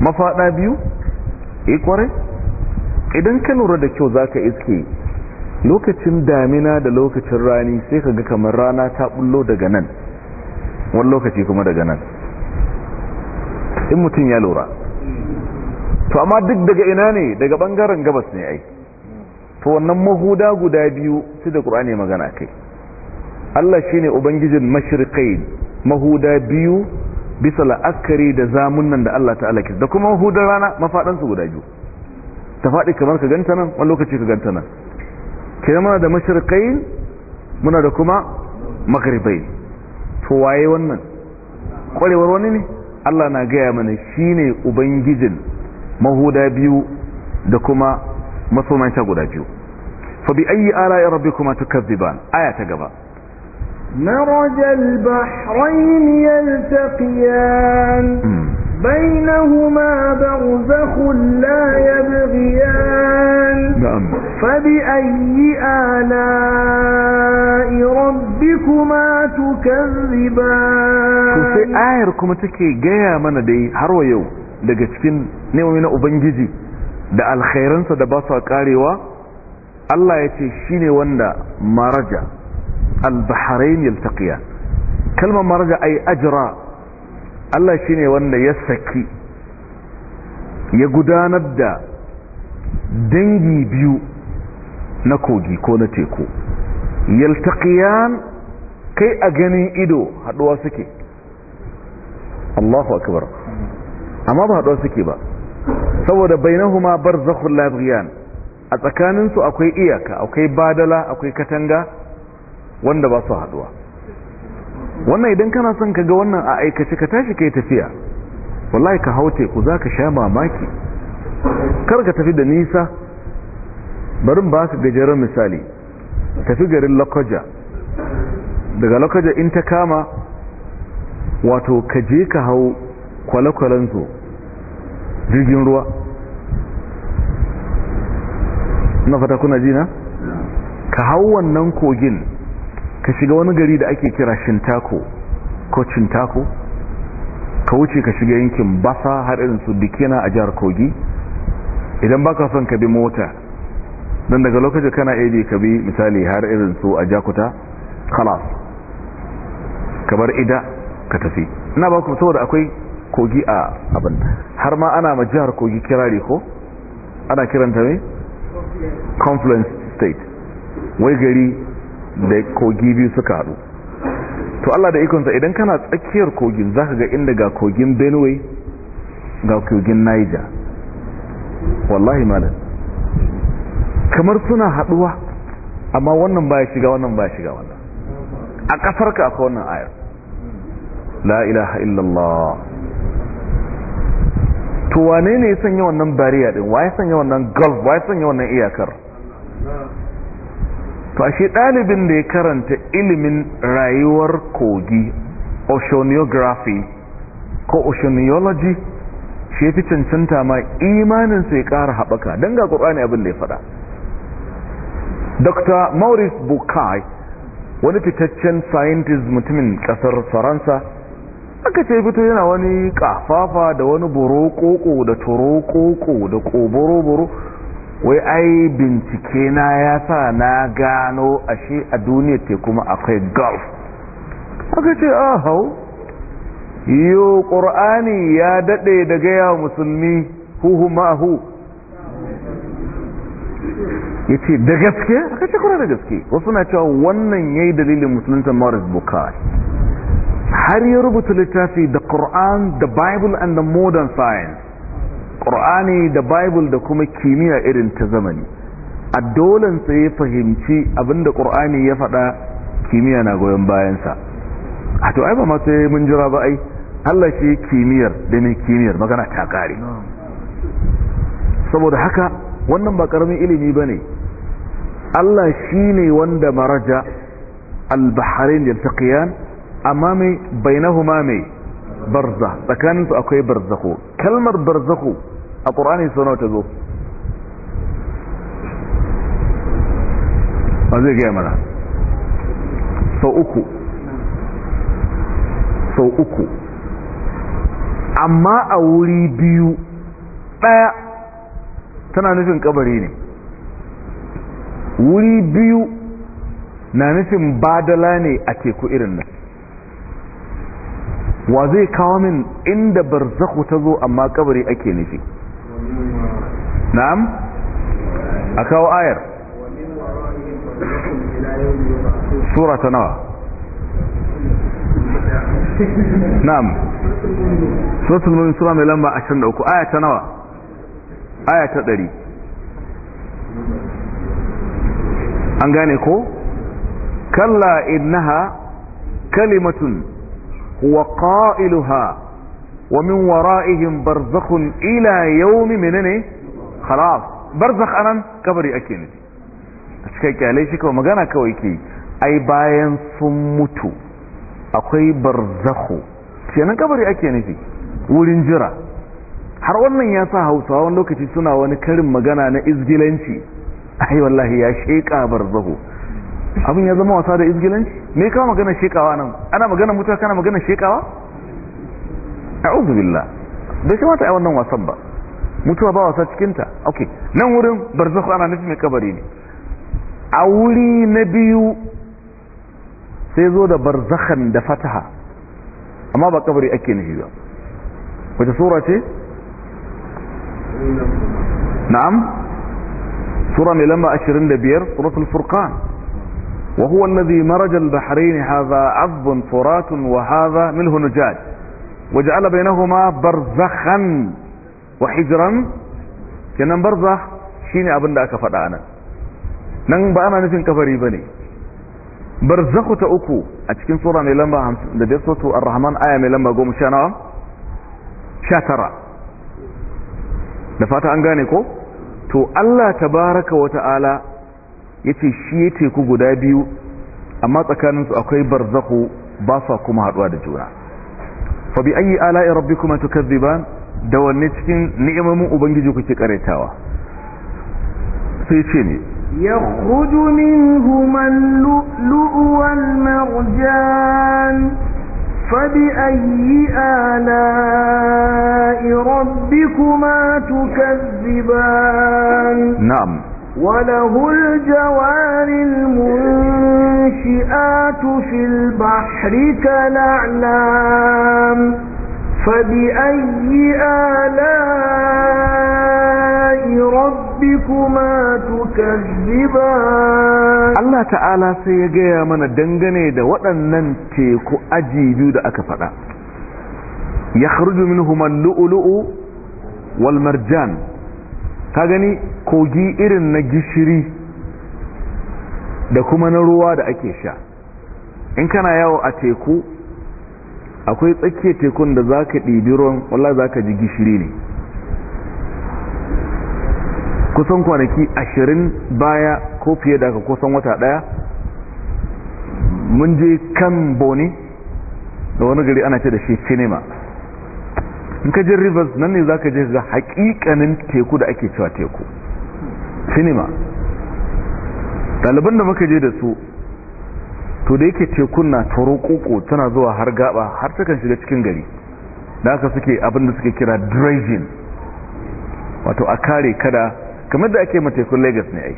mafada biyu e eh kwarai idan ka lura da kyau zaka iske lokacin damina da lokacin rani sai ka ga kamar rana ta bullo daga nan wani lokaci kuma daga nan in mutum ya lura to amma duk daga ina ne daga bangaren gabas ne ai to wannan mahuda guda biyu su da ƙura ne magana kai Allah shine ubangijin mashirƙai mahuda biyu bisa la'akari da zamunan da Allah ta'ala alaƙi da kuma mahudar rana mafaɗansu guda biyu ta faɗi kamar ka ganta nan wani lokaci ka ganta nan ke muna da mashirƙai, muna da kuma maghribai to waye wannan ƙwarewar wani ne Allah na gaya mana shine ubangijin mahuda biyu da kuma masomanta guda biyu fa bi ayi rabbi rabbikuma tukazziban aya ta gaba مرج البحرين يلتقيان بينهما برزخ لا يبغيان نعم فبأي آلاء ربكما تكذبان sai ayar kuma take gaya mana dai har wa yau daga cikin nemomi na ubangiji da alkhairansa da ba su karewa Allah ya ce shine wanda maraja al-bahrain yaltaqiya kalmar marja ai ajra Allah shine wanda ya saki ya gudanar da dangi biyu na kogi ko na teku yaltaqiyan kai a ganin ido haduwa suke Allahu akbar amma ba haduwa suke ba saboda bainahuma barzakhul la a tsakaninsu akwai iyaka akwai badala akwai katanga wanda ba su haduwa wannan idan kana son ka ga wannan a aikace ka tashi kai tafiya wallahi ka hau ku za ka sha mamaki kar ka tafi da nisa barin ba su gajeren misali tafi garin lokoja daga lokoja in ta kama wato ka je ka hau kwale su jirgin ruwa na fata kuna jina ka hau wannan kogin ka shiga wani gari da ake kira shintako ko cintako ka wuce ka shiga yankin basa har irin su dikina a jihar kogi idan baka son ka bi mota don daga lokacin kana eji ka bi misali har irin su a jakuta kalas ka bar ida ka tafi ina ba ku saboda akwai kogi a abin har ma ana ma jihar kogi kirari ko ana kiranta ne confluence state wai gari da kogi biyu suka haɗu to Allah da ikonsa idan kana tsakiyar kogin zaka ga inda ga kogin Benue ga kogin Niger wallahi malam kamar suna haɗuwa amma wannan ba ya shiga wannan ba ya shiga wannan a ƙasar ka akwai wannan ayar la ilaha illallah to wane ne ya sanya wannan bariya din ya sanya wannan gulf ya sanya wannan iyakar to ashe ɗalibin da ya karanta ilimin rayuwar kogi oceanography ko oceanology shi fi cancanta ma imaninsa ya ƙara haɓaka don ga ƙwaƙwani abin da ya faɗa dr maurice bukai wani fitaccen scientist mutumin ƙasar faransa aka ce fito yana wani ƙafafa da wani burokoko da turokoko da ƙoboroboro wai ai bincike na ya sa na gano ashe a duniya te kuma akwai gulf aka ce a ah, hau yiwu ƙur'ani ya daɗe da gaya musulmi huhu mahu ya ce da gaske aka ce kura da gaske wasu na cewa wannan ya yi dalilin musulunta morris bukai har ya rubuta littafi da ƙur'an da bible and the modern science ƙur'ani da bible da kuma kimiyya irin ta zamani a dolansa ya fahimci abinda ƙur'ani ya faɗa kimiyya na goyon bayansa a to ai ba ma sai mun jira ba ai Allah shi kimiyyar da ne kimiyyar magana ta kare saboda haka wannan ba karamin ilimi ba ne Allah shi ne wanda maraja al da yaltaqiyan amma mai bainahuma mai barza tsakaninsu akwai barzako kalmar barzako a qur'ani sau nawa ta zo ba zai gaya mana sau uku sau uku amma a wuri biyu ɗaya tana nufin kabari ne wuri biyu na nufin badala ne a teku irin nan wa zai kawo min inda barzaku ta zo amma kabari ake nufi na'am a kawo ayar sura ta nawa na'am suratul mumin sura mai lamba 23 aya ta nawa aya ta 100 an gane ko kalla innaha kalimatun huwa qailuha wa min wara'ihim ila yawmi menene خلاص برزخ انا kabari ake nufi a cikin kyale shi kawai magana kawai ke ai bayan sun mutu akwai barzakhu kenan kabari ake nufi wurin jira har wannan ya sa hausawa wani lokaci suna wani karin magana na izgilanci ai wallahi ya sheka barzahu abin ya zama wasa da izgilanci me kawo magana shekawa nan ana magana mutuwa kana magana shekawa a'udhu billah bai kamata ai wannan wasan ba mutuwa ba wasa cikinta ok nan wurin barzahu ana nufin mai kabari ne a wuri na biyu sai zo da barzakhan da fataha amma ba kabari ake nufi ba wace sura ce? na'am sura mai lamba 25 suratul furqan وهو الذي مرج البحرين هذا عذب فرات وهذا منه نجاد وجعل بينهما برزخا wa hijran kenan barza shine abin da aka faɗa anan nan ba ana nufin kafari bane barzakhu ta uku a cikin sura mai lamba 50 da bisatu ar-rahman aya mai lamba 19 da fata an gane ko to Allah tabaaraka wa ta'ala yace shi ya teku guda biyu amma tsakanin su akwai barzakhu ba sa kuma haduwa da juna fa bi ayi ala'i rabbikuma tukazziban da wanne cikin ni'imomin ubangiji kuke karaitawa sai ce ne ya kudu min human lu'uwan marjan fadi ayi ala irobi kuma tukaziban na'am walahul jawarin munshi'atu fil bahri kala'lam فبأي آلاء ربكما تكذبان Allah ta'ala sai ya gaya mana dangane da waɗannan teku aji biyu da aka faɗa ya kharuju minhuma lu'lu'u wal marjan ka gani kogi irin na gishiri da kuma na ruwa da ake sha in kana yawo a teku akwai tsakiyar tekun da za ka ɗibi ruwan wallah za ka ji gishiri ne kusan kwanaki ashirin baya ko fiye da kusan wata ɗaya mun je kan boni da wani gari ana ce da shi cinema in ka jin rivers nan ne za ka je ga haƙiƙanin teku da ake cewa teku cinema ɗaliban da muka je da su to da yake tekun na koko tana zuwa har gaba har takan shiga cikin gari da aka suke abinda suke kira dredging wato a kare kada kamar da ake matekun lagos ne ai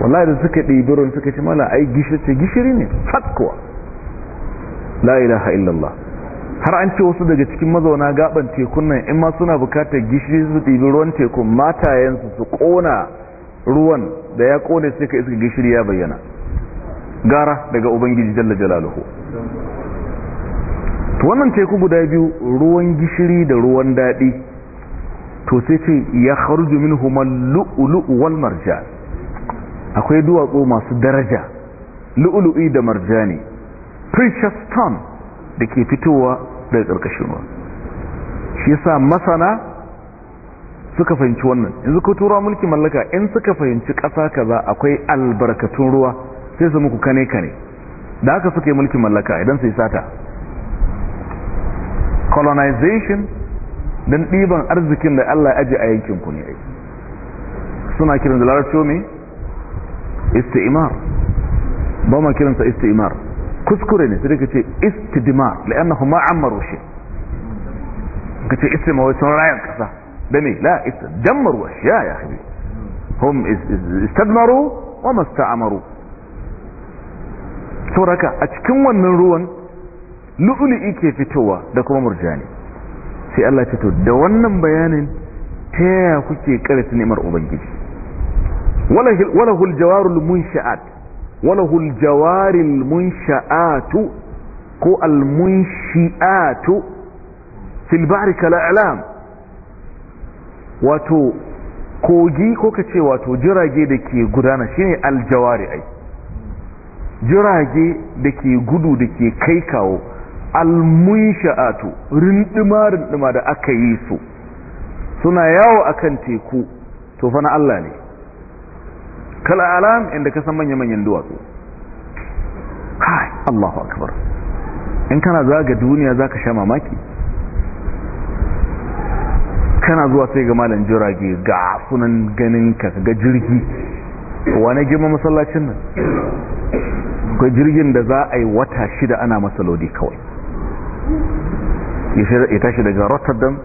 wallahi da suka ɗibirin suka ce mala ai gishiri ce gishiri ne fatkowa la ilaha illallah har an ce wasu daga cikin mazauna gaban tekun nan in ma suna bukatar gishiri su ɗibi ruwan tekun matayensu su ƙona ruwan da ya ƙone sai ka iska gishiri ya bayyana gara daga ubangiji jalla jalaluhu to wannan teku guda biyu ruwan gishiri da ruwan daɗi to sai ce ya minhum al-lu'lu' wal marjan akwai duwatsu masu daraja lu'lu'i da marjani precious stone da ke fitowa daga karkashin ruwa shi yasa masana suka fahimci wannan yanzu ko tura mulki mallaka in suka fahimci kasa kaza akwai albarkatun ruwa sai su muku kane kane da haka suke mulkin mallaka idan su yi sata colonization don ɗiban arzikin da Allah ya aji a yankin ku ne suna kiran da larabci ne istimar ba ma kiransa istimar kuskure ne sai ka ce istidmar la'annahu ma ammaru shi ka ce istimar sun rayan kasa da me la istidmaru ya ya habi hum istadmaru wa masta'amaru sauraka a cikin wannan ruwan lu'ulu'i ke fitowa da kuma murjani sai Allah ce to da wannan bayanin ta yaya kuke karanta nemar ubangiji walahul jawarul munshaat walahul ko al munshiatu fil bahri kal a'lam wato kogi ko kace wato jirage da ke gudana shine al jawari ai jirage da ke gudu da ke kai kawo almunsha'atu rindima rindima da aka yi su suna yawo akan teku to fana Allah ne kala alam inda ka san manya-manyan duwatsu hai Allahu akbar in kana zaga duniya zaka sha mamaki kana zuwa sai ga malam jirage ga sunan ganin ka ga jirgi wane girma masallacin nan akwai jirgin da za a yi wata shida ana masa lodi kawai ya tashi daga rotterdam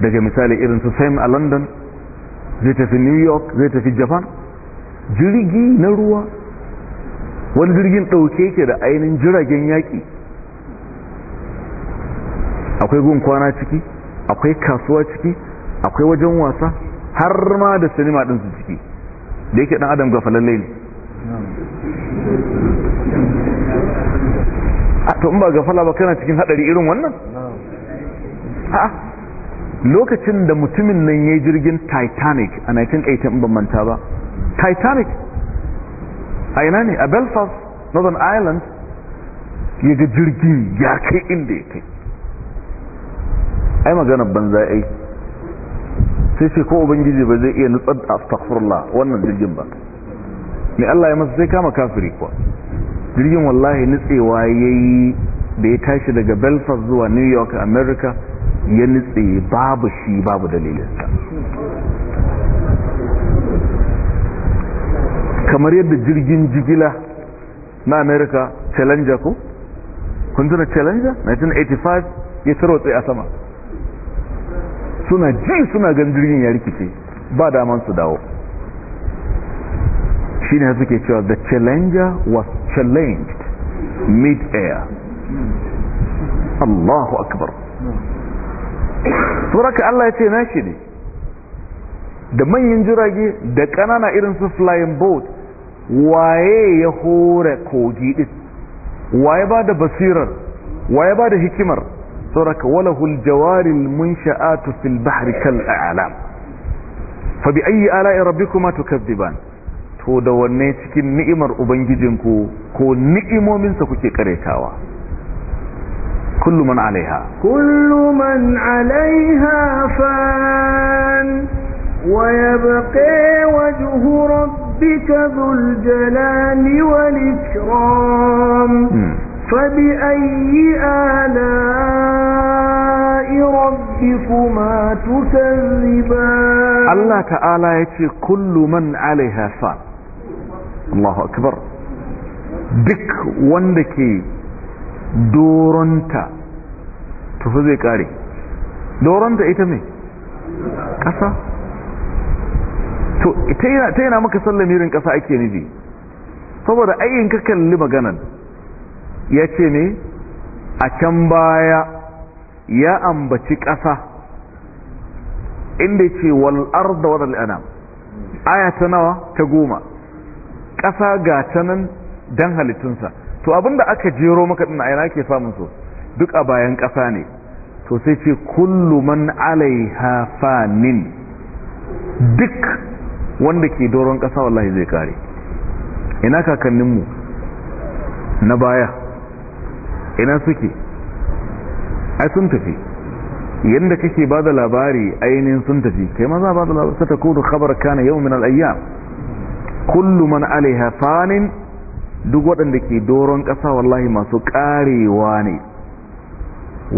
daga misali irin su same a london zai tafi new york zai tafi japan jirgi na ruwa wani jirgin ɗauke ke da ainihin jiragen yaƙi akwai gun kwana ciki akwai kasuwa ciki akwai wajen wasa har ma da sinima ɗinsu ciki da yake ɗan adam ga falalle ne a to in ba gafala ba kana cikin hadari irin wannan a lokacin da mutumin nan ya jirgin titanic a in ban manta ba titanic a ina ne a belfast northern ireland ya ga jirgin ya kai inda ya kai ai magana banza ai sai ce ko ubangiji ba zai iya nutsar a astaghfirullah wannan jirgin ba mai Allah ya masa sai kama kafiri kuwa jirgin wallahi nitsewa yi da ya tashi daga Belfast zuwa New York America ya nitse babu shi babu dalilinsa kamar yadda jirgin jigila na America Challenger ko kun tuna Challenger 1985 ya tarwatsa a sama suna ji suna gan jirgin ya rikice ba daman su dawo shi ne suke cewa the challenger was challenged mid-air Allahu akbar suraka Allah ya ce na shi ne da manyan jirage da ƙanana irin su flying boat waye ya hore kogi din waye ba da basirar waye ba da hikimar suraka walahul mun munsha'atu fil bahri kal a'lam fa bi ayyi ala'i rabbikuma tukazziban to da wanne cikin ni'imar ubangijinku ko ni'imominsa kuke karetawa kullu man alaiha kullu man alaiha fan wa yabqa wajhu rabbika dhul jalali wal ikram hmm. ayyi ala'i rabbikuma تكذبان Allah ta'ala yace kullu man عليها fan Allahu akbar duk wanda ke doronta tufa zai kare doronta ita mai ƙasa to ta yana maka irin ƙasa ake nufi saboda ayyin ka kalli maganan ya ce ne a can baya ya ambaci ƙasa inda ce wal'ar da wadda al'ana aya ta nawa ta goma ƙasa ga ta nan don halittunsa to abinda aka jero maka ɗin a yana ke samun su duk a bayan ƙasa ne to sai ce kullu man alaiha fanin duk wanda ke doron ƙasa wallahi zai kare ina kakanninmu na baya ina suke ai sun tafi yadda kake ba da labari ainihin sun tafi kai maza ba da labari sata kudu khabar kana yau min al'ayyam kullu man alaiha fanin duk waɗanda ke doron ƙasa wallahi masu ƙarewa ne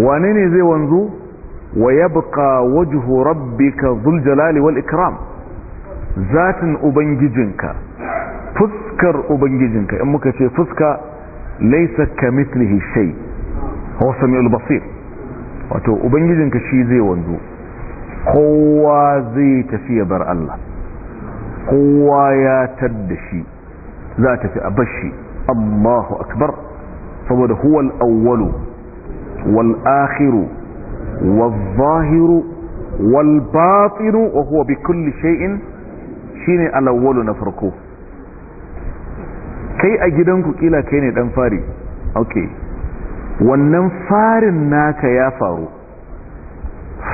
wane ne zai wanzu wa yabqa wajhu rabbika dhul jalali wal ikram zatin ubangijinka fuskar ubangijinka in muka ce fuska laysa kamithlihi shay huwa samiul basir wato ubangijinka shi zai wanzu kowa zai ya bar Allah kowa ya tadda shi za tafi a bashi Allahu akbar saboda huwal awwalu wal akhiru wal zahiru wal batinu wa huwa bi kulli shay'in shine al awwalu na farko kai a gidanku kila kai ne dan fari okay wannan farin naka ya faru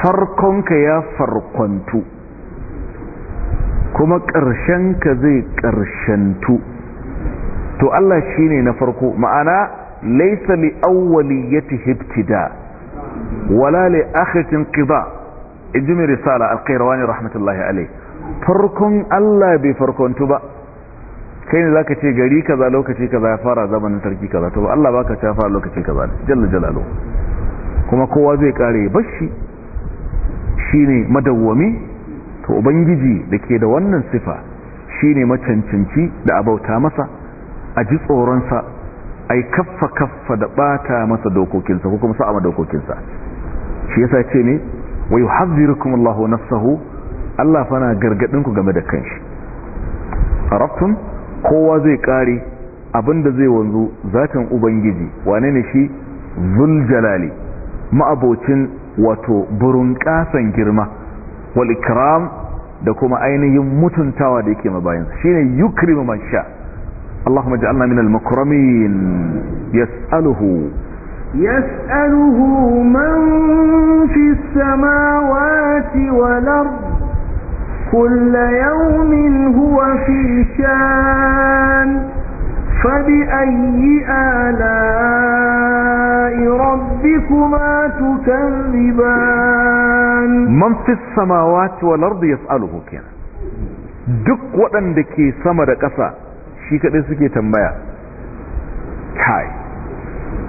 farkonka ya farkwantu kuma ƙarshenka zai ƙarshentu to Allah shi ne na farko ma'ana laisa li awwali ya tihibtida wala li akhirin ƙiba ijimi risala alƙairawani rahmatullahi alai farkon Allah bai tu ba kai ne za ka ce gari kaza lokaci kaza ya fara zamanin sarki kaza to Allah baka ta fara lokaci kaza jalla jalalu kuma kowa zai kare bashi shine madawwami to ubangiji da ke da wannan sifa shine macancanci da abauta masa a ji tsoronsa sa ai kaffa kaffa da bata masa dokokinsa ko kuma sa'a dokokin dokokinsa shi yasa ce ne wa yuhadhirukum Allahu nafsahu Allah fana na gargadin ku game da kanshi arabtum kowa zai kare abinda zai wanzu zatan ubangiji wane ne shi zuljalali ma'abocin wato burun kasan girma والإكرام دكما أين يمتن تواديك ما باين شين يكرم من شاء اللهم اجعلنا من المكرمين يسأله يسأله من في السماوات والأرض كل يوم هو في شان فبأي آلاء ربكما تكذبان من في السماوات والأرض يسأله كنا duk waɗanda ke sama da ƙasa shi kaɗai suke tambaya kai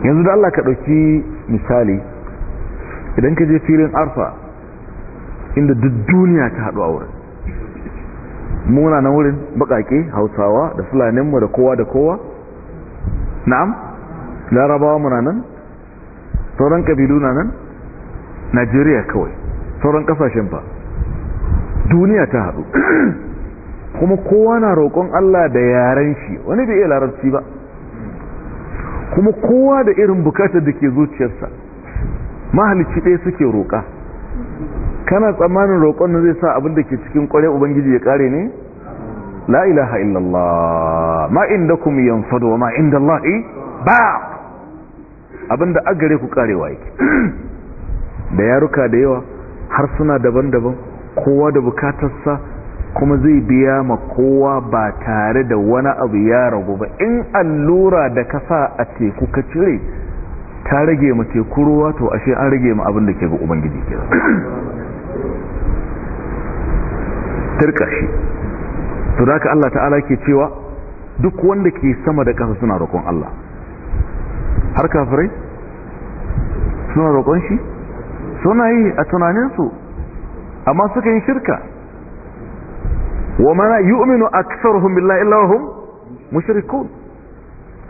yanzu da Allah ka ɗauki misali idan ka je filin arfa inda duk duniya ta haɗu a wurin muna na wurin bakake hausawa da fulaninmu da kowa da kowa na'am larabawa muna nan sauran kabilu na nan najeriya kawai sauran kasashen ba duniya ta haɗu <clears throat> kuma kowa na roƙon allah da yaren shi wani bai iya larabci ba kuma kowa da irin bukatar da ke zuciyarsa mahalicci ɗaya suke roƙa kana tsammanin roƙon zai sa abin da ke cikin ƙwarar ubangiji ya ƙare ne la ilaha illallah ma inda mu yin wa ma inda Allah ba abin da agare ku ƙarewa yake <clears throat> da yaruka da yawa har suna daban-daban kowa da bukatarsa kuma zai biya ma kowa ba tare da wani abu ya ragu ba in allura da ka sa a teku ka cire ta rage ma teku ruwa to ashe an rage ma abin da ke ga ubangiji ke <clears throat> tirka shi to da haka Allah ta'ala ke cewa duk wanda ke sama da ƙasa suna roƙon Allah har kafirai suna roƙon shi suna yi a tunaninsu amma suka yi shirka wa mana yu'minu aktharuhum billahi illa hum mushrikun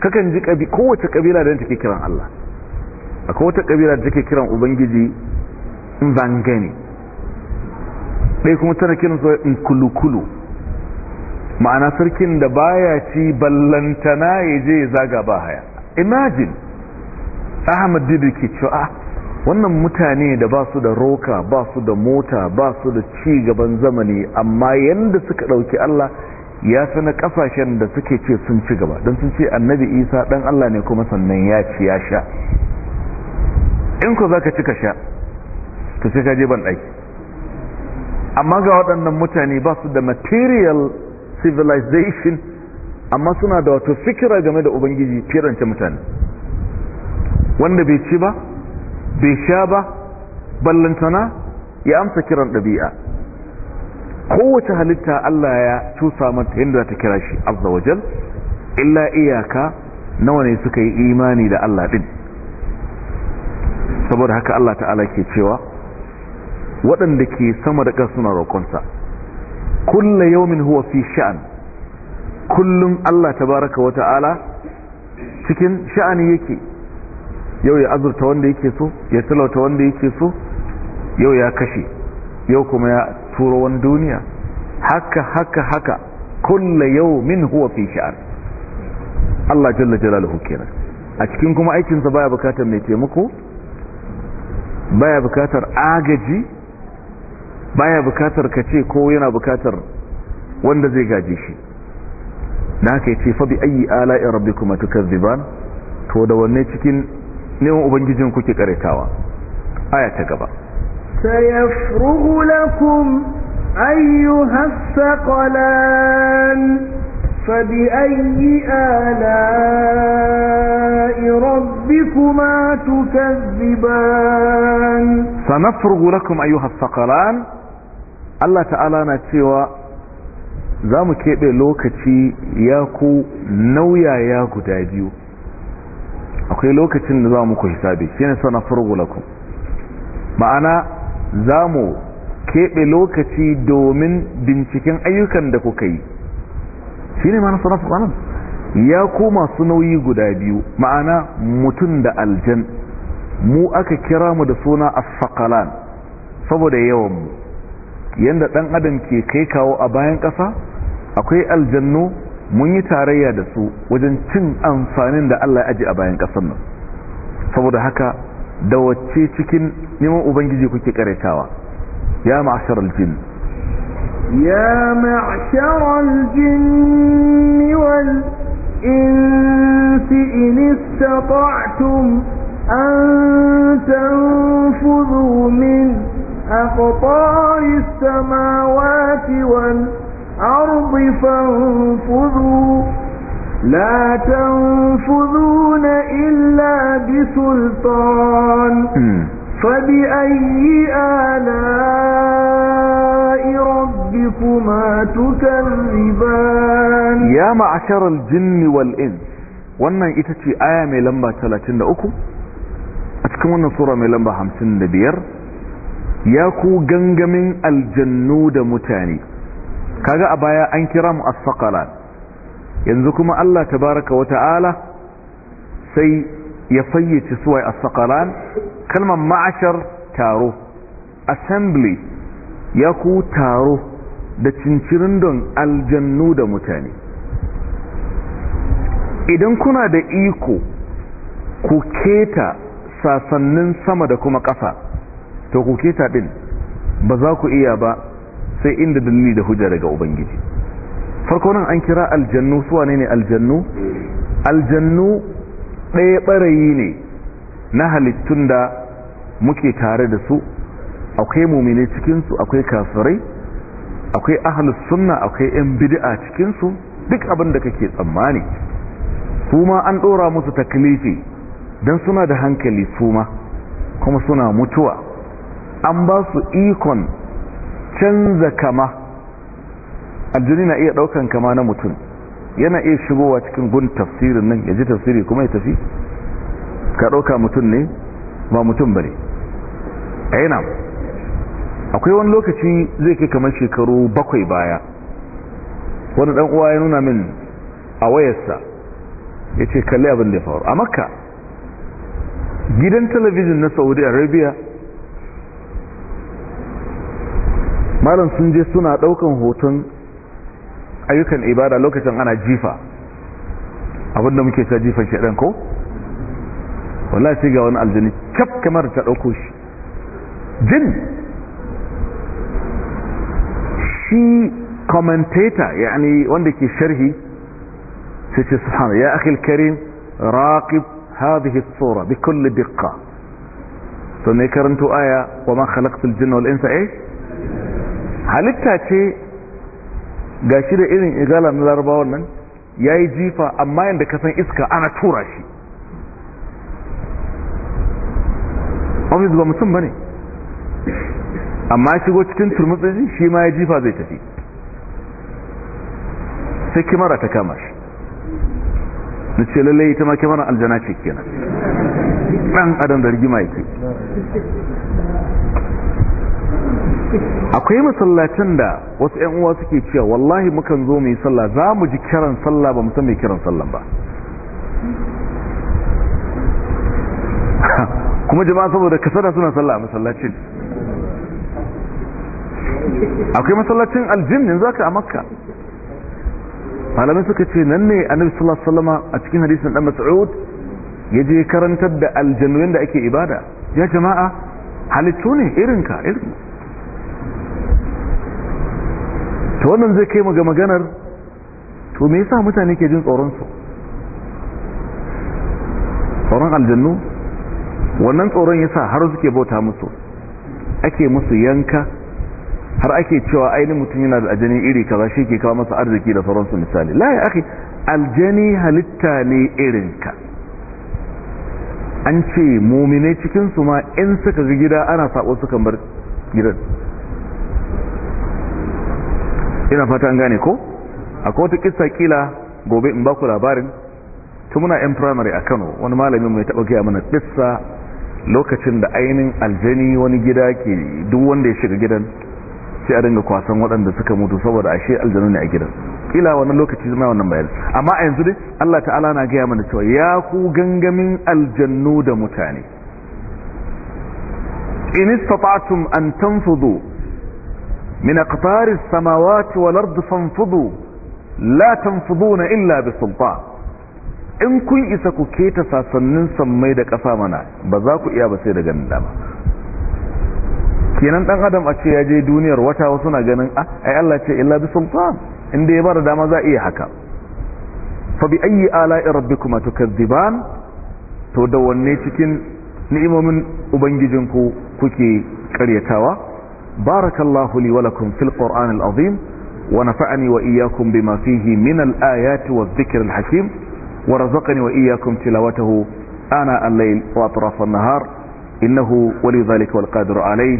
kakan ji kabi kowace kabila da take kiran Allah akwai wata kabila da take kiran ubangiji in vangani ɗaya kuma tana kiransa in kulukulu ma'ana sarkin da baya ci ballantana ya je ya zaga ba haya imagine ahmad didi ke cewa ah, wannan mutane da ba su da roka ba su da mota ba su da ci gaban zamani amma yadda suka ɗauki allah ya fi na ƙasashen da suke ce sun ci gaba don sun ce annabi isa ɗan allah ne kuma sannan ya ci ya sha in ku za ka ci ka sha to sai ka je ban ɗaki amma ga waɗannan mutane ba su da material civilization amma suna da wato fikira game da ubangiji firance mutane wanda bai ci ba bai sha ba ballantana ya amsa kiran ɗabi'a kowace halitta Allah ya cusa mata yadda ta kira shi azza wajen illa iyaka nawa ne suka yi imani da Allah ɗin saboda haka Allah ta'ala ke cewa waɗanda ke sama da ƙasa suna roƙonsa kulla yawmin huwa fi sha'an kullum Allah tabaraka wa ta'ala cikin sha'ani yake yau ya azurta wanda yake so ya talauta wanda yake so yau ya kashe yau kuma ya turo wani duniya haka haka haka kulla yawmin huwa fi sha'an Allah jalla jalaluhu kenan a cikin kuma aikinsa baya bukatar mai taimako baya bukatar agaji baya bukatar ka ce ko yana bukatar wanda zai gaje shi da haka ce fa bi ayi ala'i tukar ziban to da wanne cikin neman ubangijin kuke karetawa aya ta gaba sayafruhu lakum ayyuhas saqalan فبأي آلاء ربكما تكذبان سنفرغ لكم أيها الثقلان الله تعالى نتوى za mu keɓe lokaci ya ku nauyaya guda biyu akwai lokacin da za muku hisabi shi ne sana furgulakun ma'ana za mu keɓe lokaci domin binciken ayyukan da kuka yi shine ma'ana sarrafa qalam ya koma su nauyi guda biyu ma'ana mutum da aljan mu aka kira mu da suna a saboda yawan mu Yadda ɗan adam ke kai kawo a bayan ƙasa akwai aljannu mun yi tarayya da su wajen cin amfanin da Allah ya aji a bayan ƙasar nan saboda haka da wacce cikin neman ubangiji kuke karetawa ya ma'ashar aljin يا معشر الجن والإنس إن استطعتم أن تنفذوا من أقطار السماوات والأرض فانفذوا لا تنفذون إلا بسلطان فبأي آلاء ربكما تكذبان يا معشر الجن والإنس wannan ita ce aya mai lamba 33 a cikin wannan sura mai lamba 55 ya ku gangamin aljannu da mutane kaga a baya an kira mu asfakala yanzu kuma Allah tabaraka wa ta'ala sai ya fayyace suwa a sakaran kalmar ma'ashar taro assembly ya ku taro da cincirin don aljannu da mutane idan kuna da iko ku keta sasannin sama da kuma ƙasa to ku keta ɗin ba za ku iya ba sai inda dalili da hujja daga ubangiji farko nan an kira aljannu suwa wanene ne aljannu aljannu ɗaya ɓarayi ne na halittun da muke tare da su akwai mumine cikinsu akwai kafirai akwai ahalus sunna akwai 'yan bid'a cikinsu duk abin da kake tsammani su ma an ɗora musu taklifi don suna da hankali su ma kuma suna mutuwa an ba su ikon canza kama aljini na iya ɗaukan kama na mutum yana iya shigowa cikin gun tafsirin nan ya ji tafsiri kuma ya tafi ka ɗauka mutum ne ba mutum ba ne aina eh, akwai wani lokaci zai kai kamar shekaru bakwai baya wani ɗan uwa ya nuna min a wayarsa ya ce kalli abin da ya faru a makka gidan talabijin na saudi arabia malam sun je suna ɗaukan hoton ayyukan ibada lokacin ana jifa abinda muke ta jifan shaɗan ko wallahi sai ga wani aljini cap kamar ta ɗauko shi jin shi commentator yani wanda ke sharhi sai ce subhanahu ya akhil karim raqib hadhihi as-sura bi kulli diqqa sannan karanto aya wa ma khalaqtul jinna wal insa eh halitta ce ga shi da irin igala na larabawan nan ya yi jifa amma yadda ka san iska ana tura shi ofis ba mutum ba ne amma shigo cikin turmutsin shi ma ya jifa zai tafi sai kimara ta kama shi na ce lallai ita ma kimara aljana ce kenan ɗan adam da rigima yake akwai masallacin da wasu 'yan uwa suke cewa wallahi mukan zo mu sallah za mu ji kiran sallah ba mu san mai kiran sallah ba <laughs> kuma jama'a saboda kasada suna sallah a masallacin akwai masallacin aljin yanzu aka a makka Malamin suka ce nan ne annabi sallallahu alaihi wasallama a cikin hadisin dan mas'ud ya je karantar da aljannu da ake ibada ya jama'a halittu ne irinka irinka to wannan zai kai ga maganar to me yasa mutane ke jin tsoron su tsoron aljannu wannan tsoron yasa har suke bauta musu ake musu yanka har ake cewa ainihin mutum yana da aljani iri kaza shi ke kawo masa arziki da sauransu misali la ake aljani halitta ne irinka an ce mumine cikinsu ma in suka ga gida ana sabo sukan bar gidan ina fata an gane ko akwai wata kisa kila gobe in baku labarin tun muna yan primary a kano wani malamin mai taɓa gaya mana kisa lokacin da ainihin aljani wani gida ke duk wanda ya shiga gidan sai a dinga kwasan waɗanda suka mutu saboda ashe aljanu ne a gidan kila wannan lokaci zama wannan bayan amma a yanzu dai Allah ta'ala na gaya mana cewa ya ku gangamin aljannu da mutane in istata'tum an tanfudu من اقطار السماوات والارض فانفضوا لا تنفضون الا بسلطان in kun isa ku keta sasannin sammai da ƙasa mana ba za ku iya ba sai da ganin dama kenan dan adam a ce ya je duniyar wata wasu na ganin a ai Allah ce illa bi sultan inda ya bada dama za iya haka fa bi ayyi ala'i rabbikuma tukadziban to da wanne cikin ni'imomin ubangijinku kuke karyatawa بارك الله لي ولكم في القرآن العظيم ونفعني وإياكم بما فيه من الآيات والذكر الحكيم ورزقني وإياكم تلاوته آناء الليل وأطراف النهار إنه ولي ذلك والقادر عليه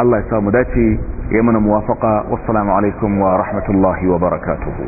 الله يسامداتي يمن موافقة والسلام عليكم ورحمة الله وبركاته